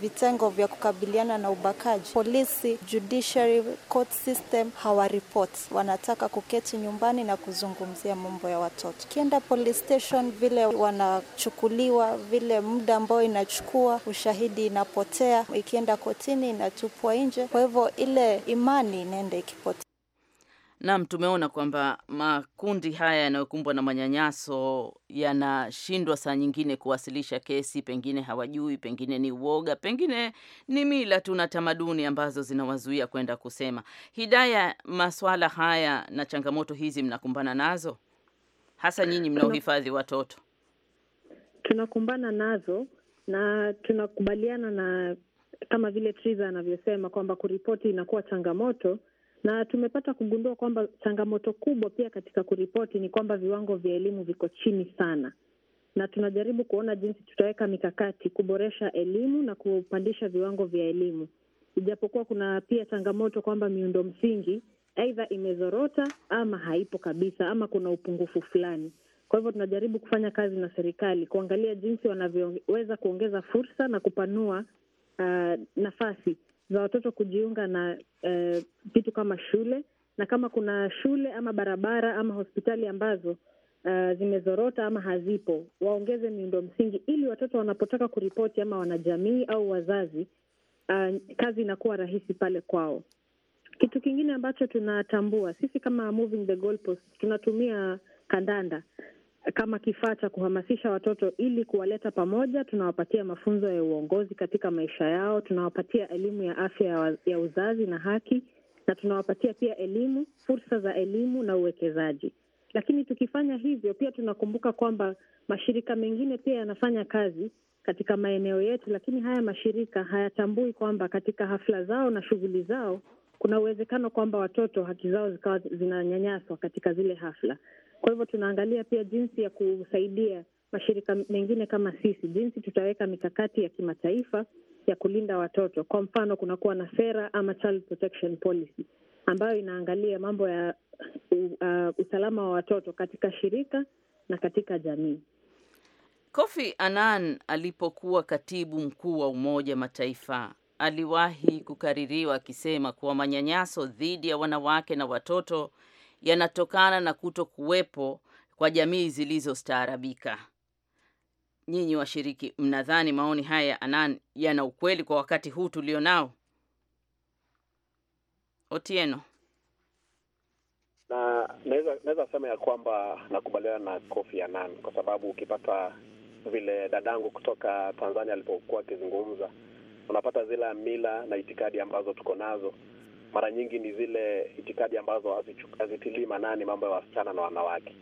vitengo vya kukabiliana na ubakaji. Polisi, judiciary, court system hawaripoti, wanataka kuketi nyumbani na kuzungumzia mambo ya watoto. Ukienda police station, vile wanachukuliwa, vile muda ambao inachukua, ushahidi inapotea, ikienda kotini inatupwa nje. Kwa hivyo ile imani inaenda ikipotea. Naam, tumeona kwamba makundi haya yanayokumbwa na manyanyaso yanashindwa saa nyingine kuwasilisha kesi, pengine hawajui, pengine ni uoga, pengine ni mila tu na tamaduni ambazo zinawazuia kwenda kusema. Hidaya, maswala haya na changamoto hizi mnakumbana nazo, hasa nyinyi mnaohifadhi watoto? Tunakumbana nazo na tunakubaliana na kama vile Triza anavyosema kwamba kuripoti inakuwa changamoto na tumepata kugundua kwamba changamoto kubwa pia katika kuripoti ni kwamba viwango vya elimu viko chini sana, na tunajaribu kuona jinsi tutaweka mikakati kuboresha elimu na kupandisha viwango vya elimu, ijapokuwa kuna pia changamoto kwamba miundo msingi aidha imezorota ama haipo kabisa ama kuna upungufu fulani. Kwa hivyo tunajaribu kufanya kazi na serikali kuangalia jinsi wanavyoweza kuongeza fursa na kupanua uh, nafasi za watoto kujiunga na eh, vitu eh, kama shule na kama kuna shule ama barabara ama hospitali ambazo Uh, zimezorota ama hazipo, waongeze miundo msingi ili watoto wanapotaka kuripoti ama wanajamii au wazazi, uh, kazi inakuwa rahisi pale kwao. Kitu kingine ambacho tunatambua sisi kama Moving the tunatumia kandanda kama kifaa cha kuhamasisha watoto ili kuwaleta pamoja. Tunawapatia mafunzo ya uongozi katika maisha yao, tunawapatia elimu ya afya ya uzazi na haki, na tunawapatia pia elimu, fursa za elimu na uwekezaji. Lakini tukifanya hivyo, pia tunakumbuka kwamba mashirika mengine pia yanafanya kazi katika maeneo yetu, lakini haya mashirika hayatambui kwamba katika hafla zao na shughuli zao kuna uwezekano kwamba watoto haki zao zikawa zinanyanyaswa katika zile hafla. Kwa hivyo tunaangalia pia jinsi ya kusaidia mashirika mengine kama sisi, jinsi tutaweka mikakati ya kimataifa ya kulinda watoto. Kwa mfano, kunakuwa na sera ama Child Protection Policy ambayo inaangalia mambo ya uh, usalama wa watoto katika shirika na katika jamii. Kofi Annan alipokuwa katibu mkuu wa Umoja Mataifa aliwahi kukaririwa akisema kuwa manyanyaso dhidi ya wanawake na watoto yanatokana na kuto kuwepo kwa jamii zilizostaarabika. Nyinyi washiriki, mnadhani maoni haya ya Anan yana ukweli kwa wakati huu tulionao? Otieno na naweza sema ya kwamba nakubaliana na Kofi Anan kwa sababu ukipata vile dadangu kutoka Tanzania alipokuwa akizungumza unapata zile mila na itikadi ambazo tuko nazo mara nyingi ni zile itikadi ambazo hazitilii manani mambo ya wasichana na wanawake.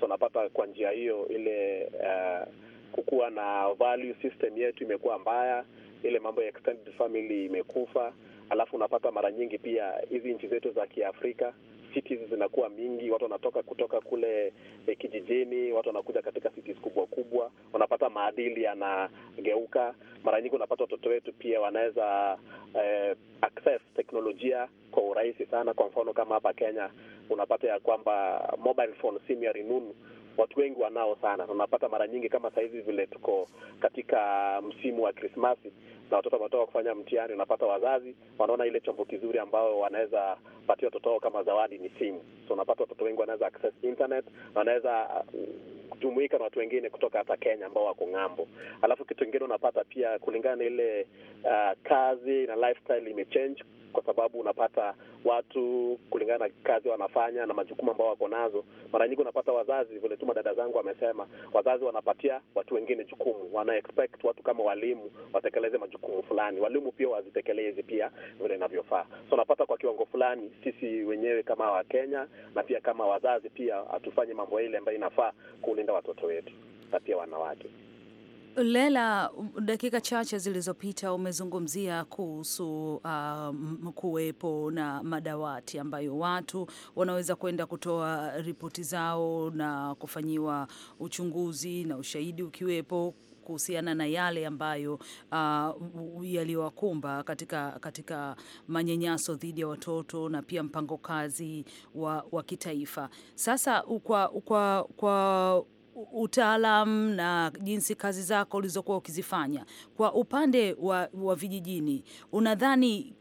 So unapata kwa njia hiyo ile uh, kukuwa na value system yetu imekuwa mbaya, ile mambo ya extended family imekufa. Alafu unapata mara nyingi pia hizi nchi zetu za Kiafrika cities zinakuwa mingi, watu wanatoka kutoka kule eh, kijijini, watu wanakuja katika cities kubwa kubwa, unapata maadili yanageuka. Mara nyingi unapata watoto wetu pia wanaweza eh, access teknolojia kwa urahisi sana. Kwa mfano kama hapa Kenya unapata ya kwamba mobile phone simu ya rununu watu wengi wanao sana. Tunapata mara nyingi kama sahizi vile tuko katika msimu wa Krismasi na watoto wametoka kufanya mtihani, unapata wazazi wanaona ile chombo kizuri ambao wanaweza patia watoto wao kama zawadi ni simu. So unapata watoto wengi wanaweza access internet, wanaweza uh, kujumuika na watu wengine kutoka hata Kenya ambao wako ng'ambo. Alafu kitu kingine unapata pia kulingana na ile uh, kazi na lifestyle imechange kwa sababu unapata watu kulingana na kazi wanafanya na majukumu ambao wako nazo. Mara nyingi unapata wazazi, vile tuma dada zangu wamesema, wazazi wanapatia watu wengine jukumu, wana expect watu kama walimu watekeleze majukumu fulani, walimu pia wazitekeleze pia vile inavyofaa. So unapata kwa kiwango fulani sisi wenyewe kama Wakenya na pia kama wazazi pia hatufanye mambo ile ambayo inafaa kuli kuwalinda watoto wetu na pia wanawake. Lela, dakika chache zilizopita umezungumzia kuhusu uh, kuwepo na madawati ambayo watu wanaweza kwenda kutoa ripoti zao na kufanyiwa uchunguzi na ushahidi ukiwepo kuhusiana na yale ambayo ah, uh, yaliyowakumba katika, katika manyanyaso dhidi ya watoto na pia mpango kazi wa, wa kitaifa. Sasa kwa, kwa, kwa utaalam na jinsi kazi zako ulizokuwa ukizifanya kwa upande wa, wa vijijini, unadhani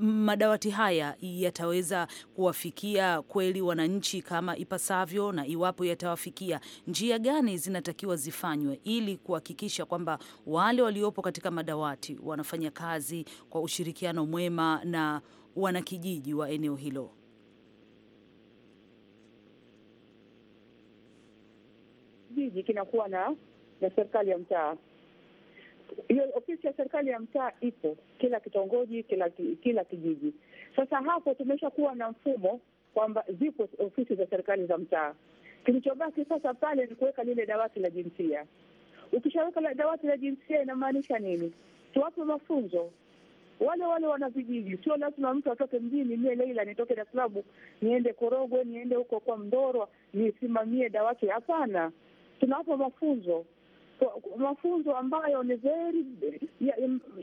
madawati haya yataweza kuwafikia kweli wananchi kama ipasavyo, na iwapo yatawafikia, njia gani zinatakiwa zifanywe ili kuhakikisha kwamba wale waliopo katika madawati wanafanya kazi kwa ushirikiano mwema na wanakijiji wa eneo hilo? Kijiji kinakuwa na na serikali ya mtaa hiyo ofisi ya serikali ya mtaa ipo kila kitongoji, kila kila kijiji. Sasa hapo tumeshakuwa na mfumo kwamba zipo ofisi za serikali za mtaa. Kilichobaki sasa pale ni kuweka lile dawati la jinsia. Ukishaweka dawati la jinsia, inamaanisha nini? Tuwape mafunzo wale wale wana vijiji. Sio lazima mtu atoke mjini, mie Leila nitoke Dar es Salaam niende Korogwe, niende huko kwa mdorwa nisimamie dawati. Hapana, tunawapa mafunzo mafunzo ambayo ni very ya,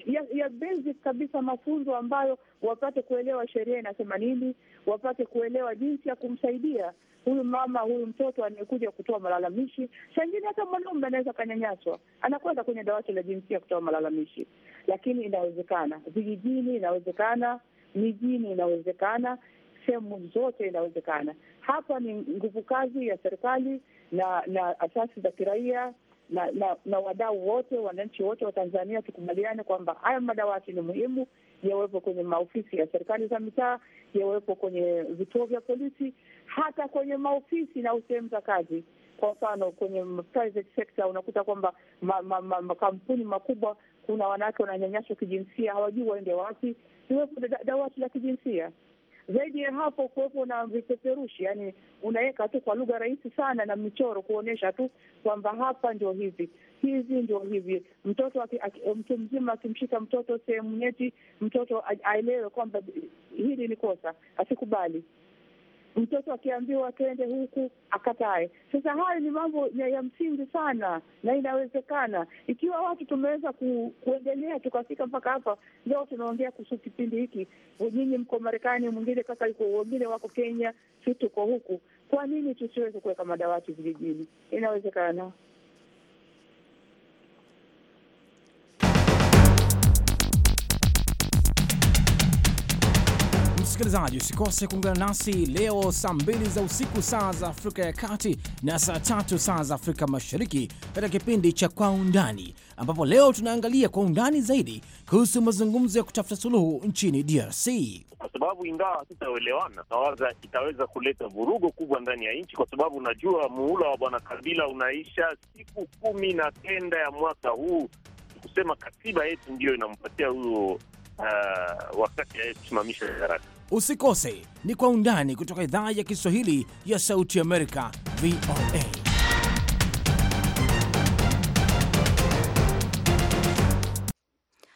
ya, ya basic kabisa, mafunzo ambayo wapate kuelewa sheria inasema nini, wapate kuelewa jinsi ya kumsaidia huyu mama huyu mtoto anayekuja kutoa malalamishi. Saa ingine hata mwanaume anaweza akanyanyaswa, anakwenda kwenye dawati la jinsia kutoa malalamishi, lakini inawezekana vijijini, inawezekana mijini, inawezekana sehemu zote inawezekana. Hapa ni nguvu kazi ya serikali na na asasi za kiraia na na, na wadau wote, wananchi wote wa Tanzania tukubaliane kwamba haya madawati ni muhimu yawepo kwenye maofisi ya serikali za mitaa, yawepo kwenye vituo vya polisi, hata kwenye maofisi na sehemu za kazi. Kwa mfano kwenye private sector unakuta kwamba makampuni ma, ma, makubwa kuna wanawake wananyanyaswa kijinsia, hawajui waende wapi. Iwepo dawati la kijinsia. Zaidi ya hapo, kuwepo na vipeperushi, yani unaweka tu kwa lugha rahisi sana na michoro kuonyesha tu kwamba hapa ndio hivi hizi ndio hivi. Mtoto aki, aki, mtu mzima akimshika mtoto sehemu nyeti, mtoto aelewe kwamba hili ni kosa, asikubali mtoto akiambiwa twende huku akatae. Sasa hayo ni mambo ya, ya msingi sana na inawezekana ikiwa watu tumeweza ku, kuendelea tukafika mpaka hapa. Leo tunaongea kuhusu kipindi hiki, nyinyi mko Marekani, mwingine kaka yuko, wengine wako Kenya, si tuko huku. Kwa nini tusiweze kuweka madawati vijijini? Inawezekana. Msikilizaji, usikose kuungana nasi leo saa mbili za usiku saa za Afrika ya Kati na saa tatu saa za Afrika Mashariki katika kipindi cha Kwa Undani, ambapo leo tunaangalia kwa undani zaidi kuhusu mazungumzo ya kutafuta suluhu nchini DRC kwa sababu ingawa hatutaelewana, nawaza itaweza kuleta vurugo kubwa ndani ya nchi, kwa sababu unajua muhula wa bwana Kabila unaisha siku kumi na kenda ya mwaka huu. Kusema katiba yetu ndiyo inampatia huyo uh, wakati kusimamisha daraka Usikose, ni kwa undani kutoka idhaa ya Kiswahili ya Sauti Amerika, VOA.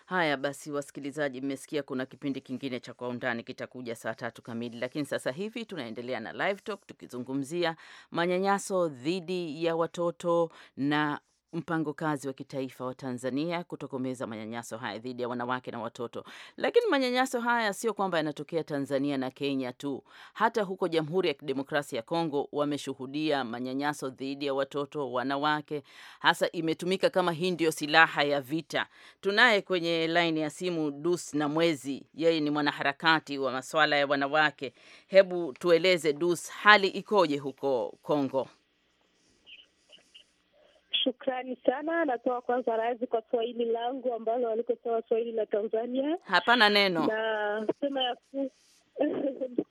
Haya basi, wasikilizaji, mmesikia kuna kipindi kingine cha Kwa Undani kitakuja saa tatu kamili, lakini sasa hivi tunaendelea na Live Talk tukizungumzia manyanyaso dhidi ya watoto na mpango kazi wa kitaifa wa Tanzania kutokomeza manyanyaso haya dhidi ya wanawake na watoto. Lakini manyanyaso haya sio kwamba yanatokea Tanzania na Kenya tu, hata huko Jamhuri ya Kidemokrasia ya Kongo wameshuhudia manyanyaso dhidi ya watoto, wanawake, hasa imetumika kama hii ndio silaha ya vita. Tunaye kwenye laini ya simu Dus na Mwezi, yeye ni mwanaharakati wa masuala ya wanawake. Hebu tueleze Dus, hali ikoje huko Kongo? Shukrani sana, natoa kwanza radhi kwa Swahili langu ambalo walikosoa Swahili la Tanzania hapana neno na sema ya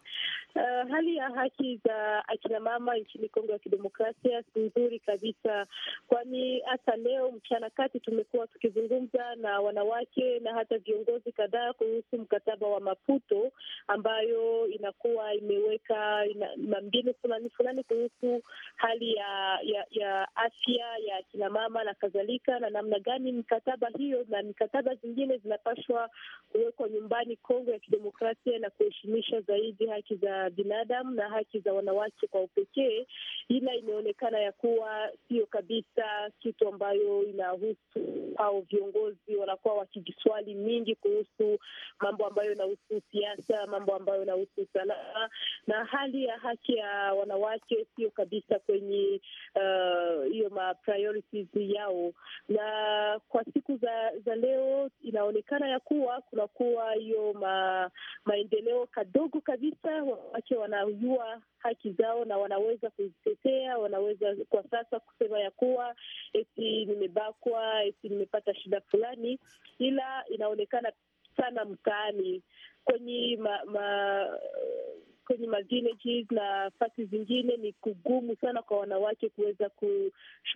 Uh, hali ya haki za akina mama nchini Kongo ya Kidemokrasia si nzuri kabisa, kwani hata leo mchana kati tumekuwa tukizungumza na wanawake na hata viongozi kadhaa kuhusu mkataba wa Maputo ambayo inakuwa imeweka na mbinu fulani fulani kuhusu hali ya, ya, ya afya ya akina mama na kadhalika, na namna gani mkataba hiyo na mikataba zingine zinapashwa kuwekwa nyumbani Kongo ya Kidemokrasia na kuheshimisha zaidi haki za binadamu na haki za wanawake kwa upekee, ila imeonekana ya kuwa sio kabisa kitu ambayo inahusu au viongozi wanakuwa wakijiswali mingi kuhusu mambo ambayo inahusu siasa, mambo ambayo inahusu usalama, na hali ya haki ya wanawake sio kabisa kwenye Uh, hiyo uh, ma priorities yao, na kwa siku za za leo inaonekana ya kuwa kunakuwa hiyo ma, maendeleo kadogo kabisa. Wanawake wanajua haki zao na wanaweza kuzitetea. Wanaweza kwa sasa kusema ya kuwa eti nimebakwa, eti nimepata shida fulani, ila inaonekana sana mtaani kwenye ma, ma, kwenye mavillages na fasi zingine, ni kugumu sana kwa wanawake kuweza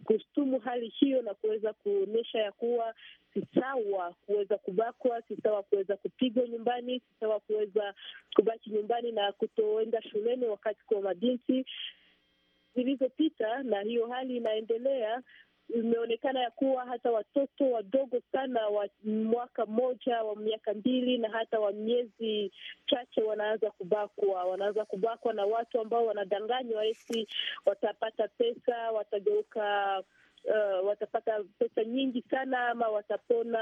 kushtumu hali hiyo na kuweza kuonyesha ya kuwa si sawa kuweza kubakwa, si sawa kuweza kupigwa nyumbani, si sawa kuweza kubaki nyumbani na kutoenda shuleni wakati kwa mabinti zilizopita na hiyo hali inaendelea imeonekana ya kuwa hata watoto wadogo sana wa mwaka mmoja wa miaka mbili na hata wa miezi chache wanaanza kubakwa, wanaanza kubakwa na watu ambao wanadanganywa esi watapata pesa, watageuka uh, watapata pesa nyingi sana ama watapona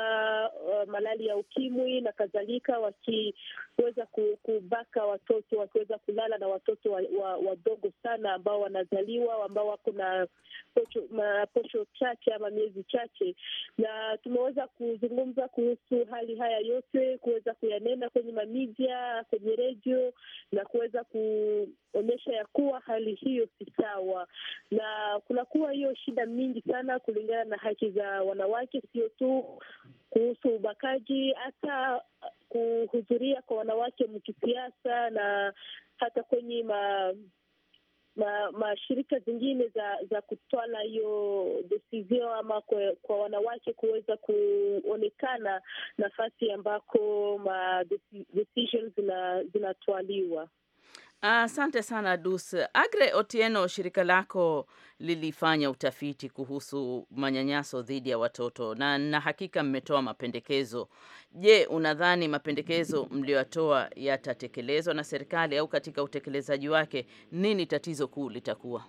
uh, malali ya ukimwi na kadhalika, wakiweza kubaka watoto, wakiweza kulala na watoto wadogo wa, wa sana ambao wanazaliwa ambao wako na posho chache ama miezi chache, na tumeweza kuzungumza kuhusu hali haya yote, kuweza kuyanena kwenye mamidia, kwenye redio na kuweza kuonyesha ya kuwa hali hiyo si sawa, na kunakuwa hiyo shida mingi sana kulingana na haki za wanawake, sio tu kuhusu ubakaji, hata kuhudhuria kwa wanawake mkisiasa na hata kwenye ma mashirika ma zingine za za kutwala hiyo desizio ama kwa, kwa wanawake kuweza kuonekana nafasi ambako ma decisions zinatwaliwa. Asante sana Dus Agre Otieno, shirika lako lilifanya utafiti kuhusu manyanyaso dhidi ya watoto na na hakika mmetoa mapendekezo. Je, unadhani mapendekezo mliyoyatoa yatatekelezwa na serikali au katika utekelezaji wake nini tatizo kuu litakuwa?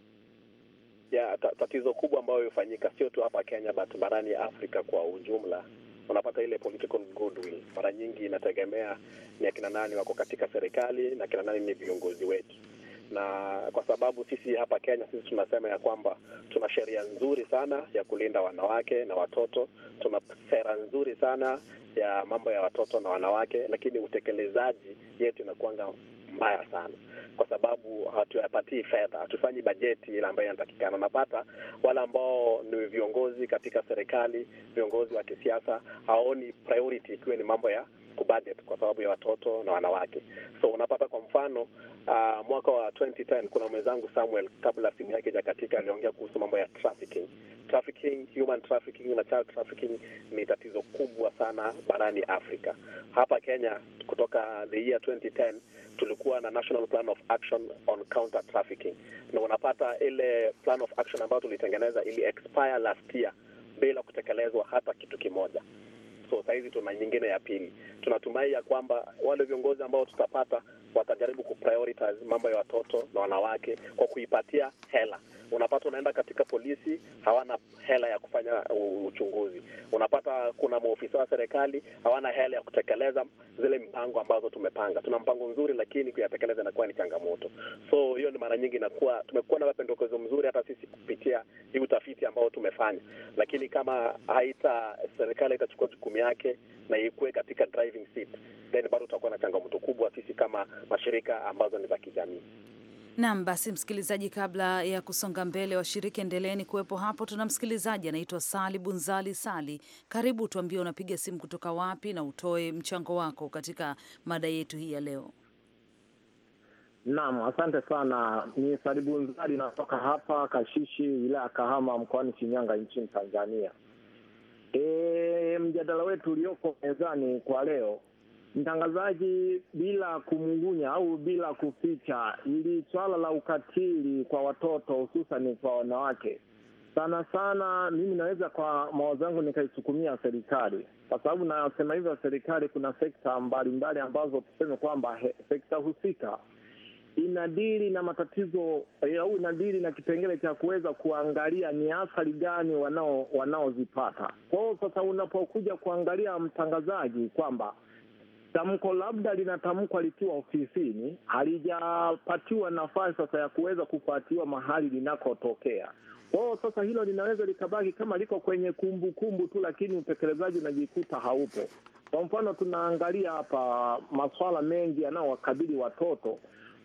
Ya, tatizo kubwa ambayo imefanyika sio tu hapa Kenya but barani Afrika kwa ujumla unapata ile political goodwill. Mara nyingi inategemea ni akina nani wako katika serikali na akina nani ni viongozi wetu, na kwa sababu sisi hapa Kenya sisi tunasema ya kwamba tuna sheria nzuri sana ya kulinda wanawake na watoto, tuna sera nzuri sana ya mambo ya watoto na wanawake, lakini utekelezaji yetu inakuanga mbaya sana, kwa sababu hatuyapatii fedha, hatufanyi bajeti ile ambayo inatakikana. Napata wale ambao ni viongozi katika serikali, viongozi wa kisiasa, haoni priority ikiwa ni mambo ya kubudget kwa sababu ya watoto na wanawake. So unapata kwa mfano uh, mwaka wa 2010 kuna mwenzangu Samuel, kabla simu yake jakatika, aliongea kuhusu mambo ya trafficking. Trafficking, human trafficking na child trafficking ni tatizo kubwa sana barani Afrika. Hapa Kenya, kutoka the year 2010 tulikuwa na National Plan of Action on Counter Trafficking, na unapata ile plan of action ambayo tulitengeneza ili expire last year bila kutekelezwa hata kitu kimoja saa hizi tuna nyingine ya pili. Tunatumai ya kwamba wale viongozi ambao tutapata watajaribu kuprioritize mambo ya watoto na wanawake kwa kuipatia hela. Unapata unaenda katika polisi, hawana hela ya kufanya uchunguzi. Unapata kuna maofisa wa serikali hawana hela ya kutekeleza zile mpango ambazo tumepanga. Tuna mpango mzuri, lakini kuyatekeleza inakuwa ni changamoto. So hiyo ni mara nyingi inakuwa, tumekuwa na mapendekezo mzuri hata sisi kupitia hii utafiti ambao tumefanya, lakini kama haita serikali itachukua jukumu yake na ikuwe katika driving seat, then bado tutakuwa na changamoto kubwa sisi kama mashirika ambazo ni za kijamii. Naam, basi msikilizaji, kabla ya kusonga mbele, washiriki endeleeni kuwepo hapo. Tuna msikilizaji anaitwa Sali Bunzali. Sali, karibu, tuambie unapiga simu kutoka wapi na utoe mchango wako katika mada yetu hii ya leo. Naam, asante sana. Ni Sali Bunzali, natoka hapa Kashishi, wilaya ya Kahama, mkoani Shinyanga, nchini Tanzania. E, mjadala wetu ulioko mezani kwa leo, mtangazaji, bila kumungunya au bila kuficha, ili swala la ukatili kwa watoto hususani kwa wanawake sana sana, mimi naweza kwa mawazo yangu nikaisukumia serikali, kwa sababu nasema hivyo serikali, kuna sekta mbalimbali ambazo tuseme kwamba sekta husika inadili na matatizo eh, au inadili na kipengele cha kuweza kuangalia ni athari gani wanao wanaozipata. Kwa hiyo sasa, unapokuja kuangalia mtangazaji kwamba tamko labda linatamkwa likiwa ofisini, halijapatiwa nafasi sasa ya kuweza kufuatiliwa mahali linakotokea. Kwa hiyo sasa, hilo linaweza likabaki kama liko kwenye kumbukumbu tu, lakini utekelezaji unajikuta haupo. Kwa mfano, tunaangalia hapa masuala mengi yanayowakabili watoto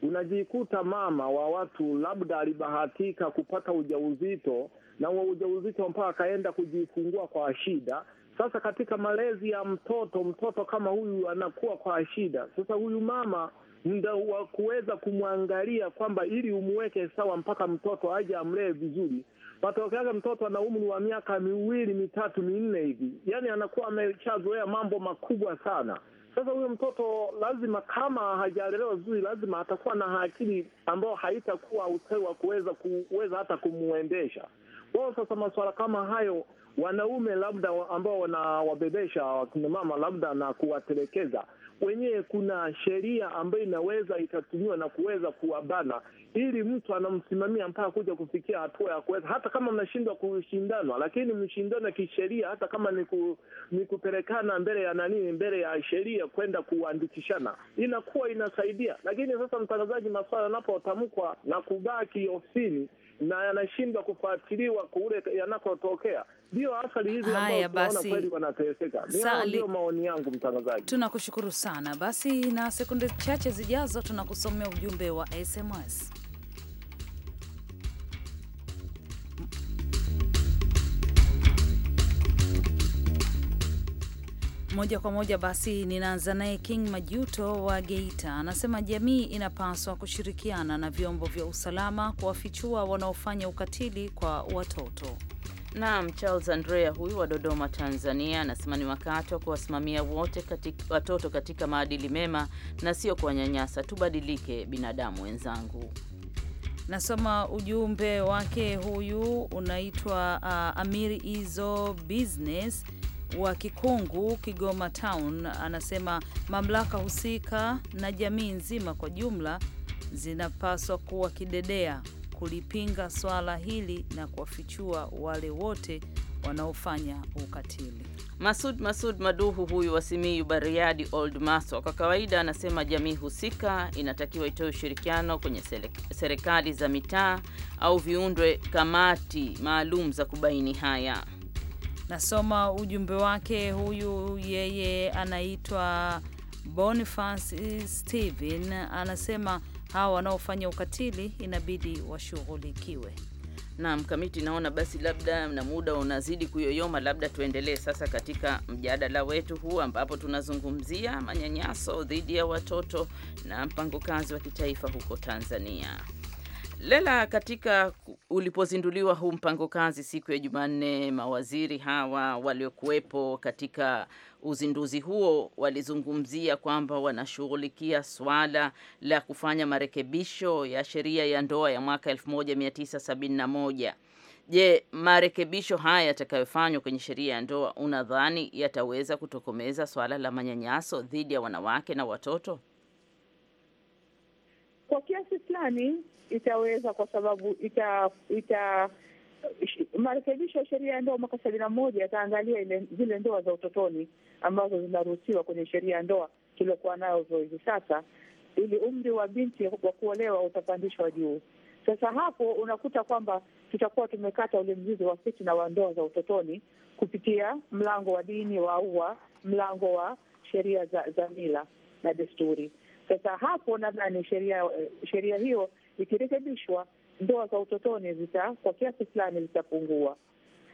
unajikuta mama wa watu labda alibahatika kupata ujauzito na wa ujauzito mpaka akaenda kujifungua kwa shida. Sasa katika malezi ya mtoto, mtoto kama huyu anakuwa kwa shida. Sasa huyu mama muda wa kuweza kumwangalia kwamba ili umweke sawa mpaka mtoto aje amlee vizuri, matokeo yake mtoto ana umri wa miaka miwili mitatu minne hivi, yani anakuwa ameshazoea mambo makubwa sana. Sasa huyo mtoto lazima, kama hajalelewa vizuri, lazima atakuwa na akili ambayo haitakuwa usai wa kuweza kuweza hata kumwendesha kwao. Sasa masuala kama hayo, wanaume labda ambao wanawabebesha wakina mama labda na kuwatelekeza wenyewe, kuna sheria ambayo inaweza ikatumiwa na kuweza kuwabana ili mtu anamsimamia mpaka kuja kufikia hatua ya kuweza, hata kama mnashindwa kushindanwa, lakini mshindane kisheria, hata kama ni, ku, ni kupelekana mbele ya nani, mbele ya sheria kwenda kuandikishana, inakuwa inasaidia. Lakini sasa, mtangazaji, maswala yanapotamkwa na kubaki ofisini na yanashindwa kufuatiliwa kule yanakotokea. Ndio athari hizi ambazo tunaona kweli wanateseka. Ndio maoni yangu, mtangazaji. Tunakushukuru sana. Basi na sekunde chache zijazo tunakusomea ujumbe wa SMS. Moja kwa moja basi ninaanza naye King Majuto wa Geita, anasema jamii inapaswa kushirikiana na vyombo vya usalama kuwafichua wanaofanya ukatili kwa watoto. Naam, Charles Andrea huyu wa Dodoma, Tanzania, anasema ni wakati wa kuwasimamia wote katika, watoto katika maadili mema na sio kuwanyanyasa. Tubadilike binadamu wenzangu. Nasoma ujumbe wake huyu unaitwa uh, Amiri Izo Business wa Kikungu, Kigoma Town, anasema mamlaka husika na jamii nzima kwa jumla zinapaswa kuwa kidedea kulipinga swala hili na kuwafichua wale wote wanaofanya ukatili. Masud Masud Maduhu huyu wa Simiyu Bariadi Old Maso, kwa kawaida anasema jamii husika inatakiwa itoe ushirikiano kwenye serikali za mitaa au viundwe kamati maalum za kubaini haya. Nasoma ujumbe wake huyu, yeye anaitwa Boniface Steven, anasema hawa wanaofanya ukatili inabidi washughulikiwe. Na mkamiti, naona basi labda na muda unazidi kuyoyoma, labda tuendelee sasa katika mjadala wetu huu ambapo tunazungumzia manyanyaso dhidi ya watoto na mpango kazi wa kitaifa huko Tanzania. Lela, katika ulipozinduliwa huu mpango kazi siku ya Jumanne, mawaziri hawa waliokuwepo katika uzinduzi huo walizungumzia kwamba wanashughulikia swala la kufanya marekebisho ya sheria ya ndoa ya mwaka 1971. Je, marekebisho haya yatakayofanywa kwenye sheria ya ndoa unadhani yataweza kutokomeza swala la manyanyaso dhidi ya wanawake na watoto? Kwa kiasi fulani itaweza kwa sababu ita, ita marekebisho ya sheria ya ndoa mwaka sabini na moja yataangalia zile ndoa za utotoni ambazo zinaruhusiwa kwenye sheria ya ndoa tuliokuwa nazo hivi sasa, ili umri wa binti wa kuolewa utapandishwa juu. Sasa hapo unakuta kwamba tutakuwa tumekata ule mzizi wa fitina wa ndoa za utotoni kupitia mlango wa dini wa ua mlango wa sheria za, za mila na desturi. Sasa hapo nadhani sheria sheria hiyo ikirekebishwa, ndoa za utotoni zita kwa kiasi fulani zitapungua.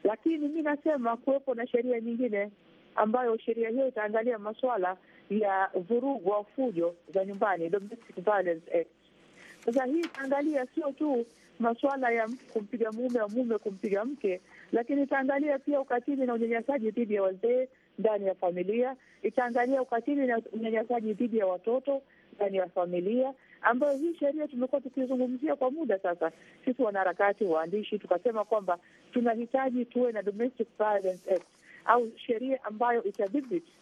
Lakini mi nasema kuwepo na sheria nyingine ambayo sheria hiyo itaangalia masuala ya vurugu au fujo za nyumbani, Domestic Violence Act. Sasa hii itaangalia sio tu masuala ya mtu kumpiga mume au mume kumpiga mke, lakini itaangalia pia ukatili na unyanyasaji dhidi ya wazee ndani ya familia, itaangalia ukatili na unyanyasaji dhidi ya watoto ndani ya familia, ambayo hii sheria tumekuwa tukizungumzia kwa muda sasa. Sisi wanaharakati, waandishi, tukasema kwamba tunahitaji tuwe na Domestic Violence Act au sheria ambayo itadhibiti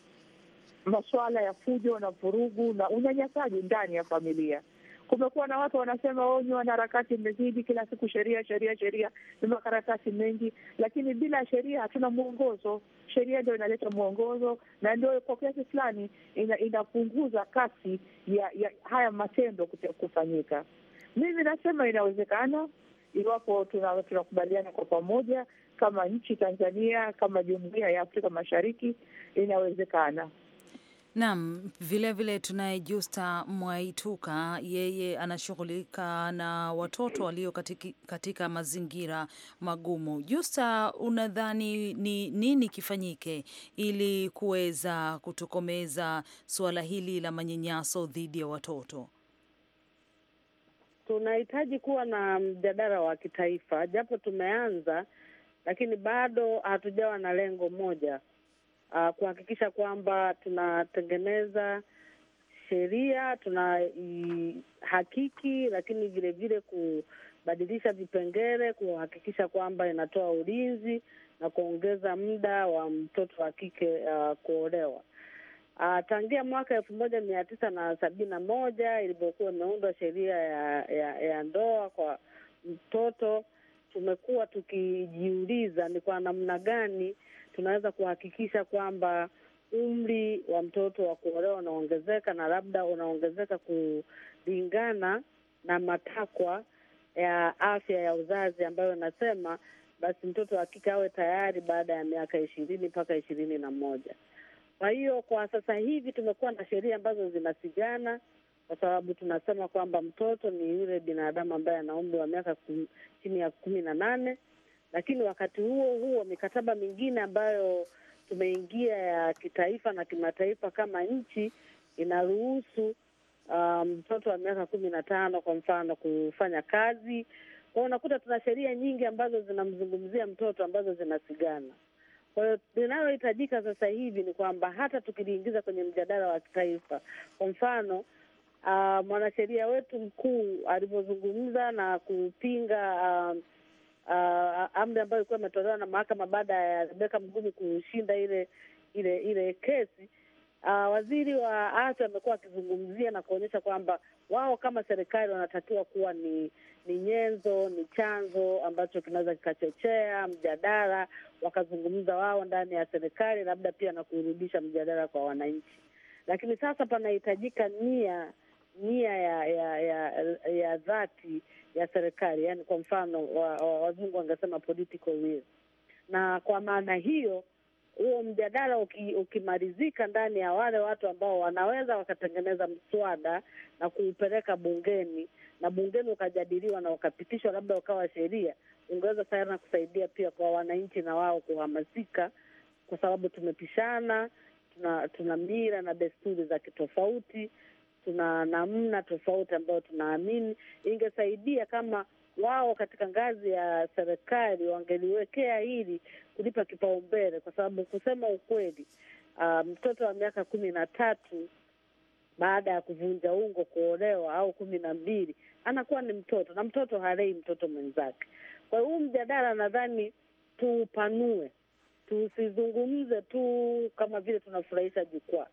masuala ya fujo na vurugu na unyanyasaji ndani ya familia. Kumekuwa na watu wanasema oh, ni wanaharakati mmezidi, kila siku sheria sheria sheria na makaratasi mengi, lakini bila sheria hatuna mwongozo. Sheria ndio inaleta mwongozo na ndio kwa kiasi fulani ina, inapunguza kasi ya, ya haya matendo kufanyika. Mimi nasema inawezekana iwapo tunakubaliana tuna kwa pamoja kama nchi Tanzania, kama jumuiya ya Afrika Mashariki, inawezekana. Naam, vilevile tunaye Justa Mwaituka, yeye anashughulika na watoto walio katika, katika mazingira magumu. Justa, unadhani ni nini kifanyike ili kuweza kutokomeza suala hili la manyanyaso dhidi ya watoto? Tunahitaji kuwa na mjadala wa kitaifa, japo tumeanza, lakini bado hatujawa na lengo moja uh, kuhakikisha kwamba tunatengeneza sheria tunaihakiki, lakini vilevile kubadilisha vipengele kuhakikisha kwamba inatoa ulinzi na kuongeza muda wa mtoto wa kike uh, kuolewa. Uh, tangia mwaka elfu moja mia tisa na sabini na moja ilivyokuwa imeundwa sheria ya, ya, ya ndoa kwa mtoto, tumekuwa tukijiuliza ni kwa namna gani tunaweza kuhakikisha kwamba umri wa mtoto wa kuolewa unaongezeka na labda unaongezeka kulingana na matakwa ya afya ya uzazi ambayo inasema basi mtoto wa kike awe tayari baada ya miaka ishirini mpaka ishirini na moja. Kwa hiyo kwa sasa hivi tumekuwa na sheria ambazo zinasigana, kwa sababu tunasema kwamba mtoto ni yule binadamu ambaye ana umri wa miaka chini ya kumi na nane lakini wakati huo huo mikataba mingine ambayo tumeingia ya kitaifa na kimataifa kama nchi inaruhusu ah, mtoto um, wa miaka kumi na tano kwa mfano kufanya kazi kwao. Unakuta tuna sheria nyingi ambazo zinamzungumzia mtoto ambazo zinasigana. Kwa hiyo linalohitajika sasa hivi ni kwamba hata tukiliingiza kwenye mjadala wa kitaifa, kwa mfano uh, mwanasheria wetu mkuu alivyozungumza na kupinga uh, uh, amri ambayo ilikuwa imetolewa na mahakama baada ya Rebeka Mgumu kushinda ile ile ile kesi. Uh, waziri wa afya amekuwa akizungumzia na kuonyesha kwamba wao kama serikali wanatakiwa kuwa ni ni nyenzo, ni chanzo ambacho kinaweza kikachochea mjadala, wakazungumza wao ndani ya serikali, labda pia na kurudisha mjadala kwa wananchi. Lakini sasa panahitajika nia nia ya ya, ya, ya dhati ya serikali, yani kwa mfano wazungu wa, wangesema political will. Na kwa maana hiyo huo mjadala uki, ukimalizika ndani ya wale watu ambao wanaweza wakatengeneza mswada na kuupeleka bungeni na bungeni ukajadiliwa na ukapitishwa, labda ukawa sheria, ungeweza sana kusaidia pia kwa wananchi na wao kuhamasika, kwa sababu tumepishana, tuna, tuna mila na desturi za kitofauti tuna namna tofauti ambayo tunaamini ingesaidia kama wao katika ngazi ya serikali wangeliwekea hili kulipa kipaumbele, kwa sababu kusema ukweli, ah, mtoto wa miaka kumi na tatu baada ya kuvunja ungo, kuolewa au kumi na mbili anakuwa ni mtoto, na mtoto halei mtoto mwenzake. Kwa hiyo huu mjadala nadhani tuupanue, tusizungumze tu kama vile tunafurahisha jukwaa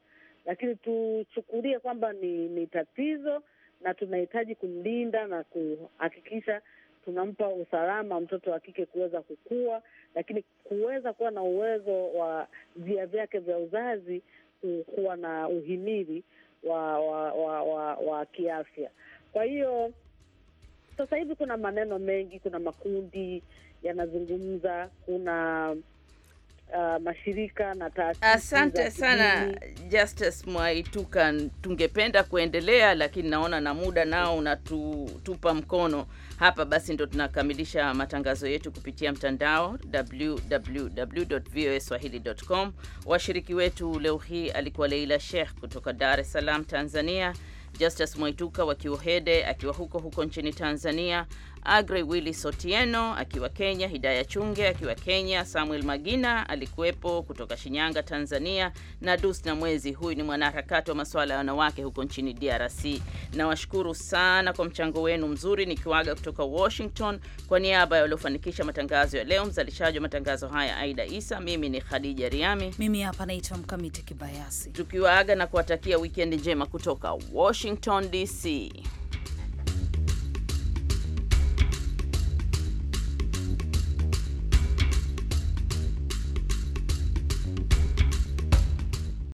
lakini tuchukulie kwamba ni, ni tatizo na tunahitaji kumlinda na kuhakikisha tunampa usalama mtoto wa kike kuweza kukua, lakini kuweza kuwa na uwezo wa via vyake vya uzazi kuwa na uhimili wa wa, wa, wa, wa kiafya. Kwa hiyo sasa hivi kuna maneno mengi, kuna makundi yanazungumza, kuna uh, mashirika na taasisi. Asante sana Justice Mwaituka, tungependa kuendelea lakini naona na muda nao unatupa mkono hapa. Basi ndo tunakamilisha matangazo yetu kupitia mtandao www.voaswahili.com. Washiriki wetu leo hii alikuwa Leila Sheikh kutoka Dar es Salaam, Tanzania, Justus Mwaituka wa Kiuhede akiwa huko huko nchini Tanzania, Agre willi sotieno akiwa Kenya, Hidaya Chunge akiwa Kenya, Samuel Magina alikuwepo kutoka Shinyanga, Tanzania, na Dusna Mwezi, huyu ni mwanaharakati wa masuala ya wanawake huko nchini DRC. Nawashukuru sana kwa mchango wenu mzuri, nikiwaga kutoka Washington kwa niaba ya waliofanikisha matangazo ya leo. Mzalishaji wa matangazo haya Aida Isa, mimi ni Khadija Riami, mimi hapa naitwa Mkamiti Kibayasi, tukiwaaga na kuwatakia wikendi njema kutoka Washington DC.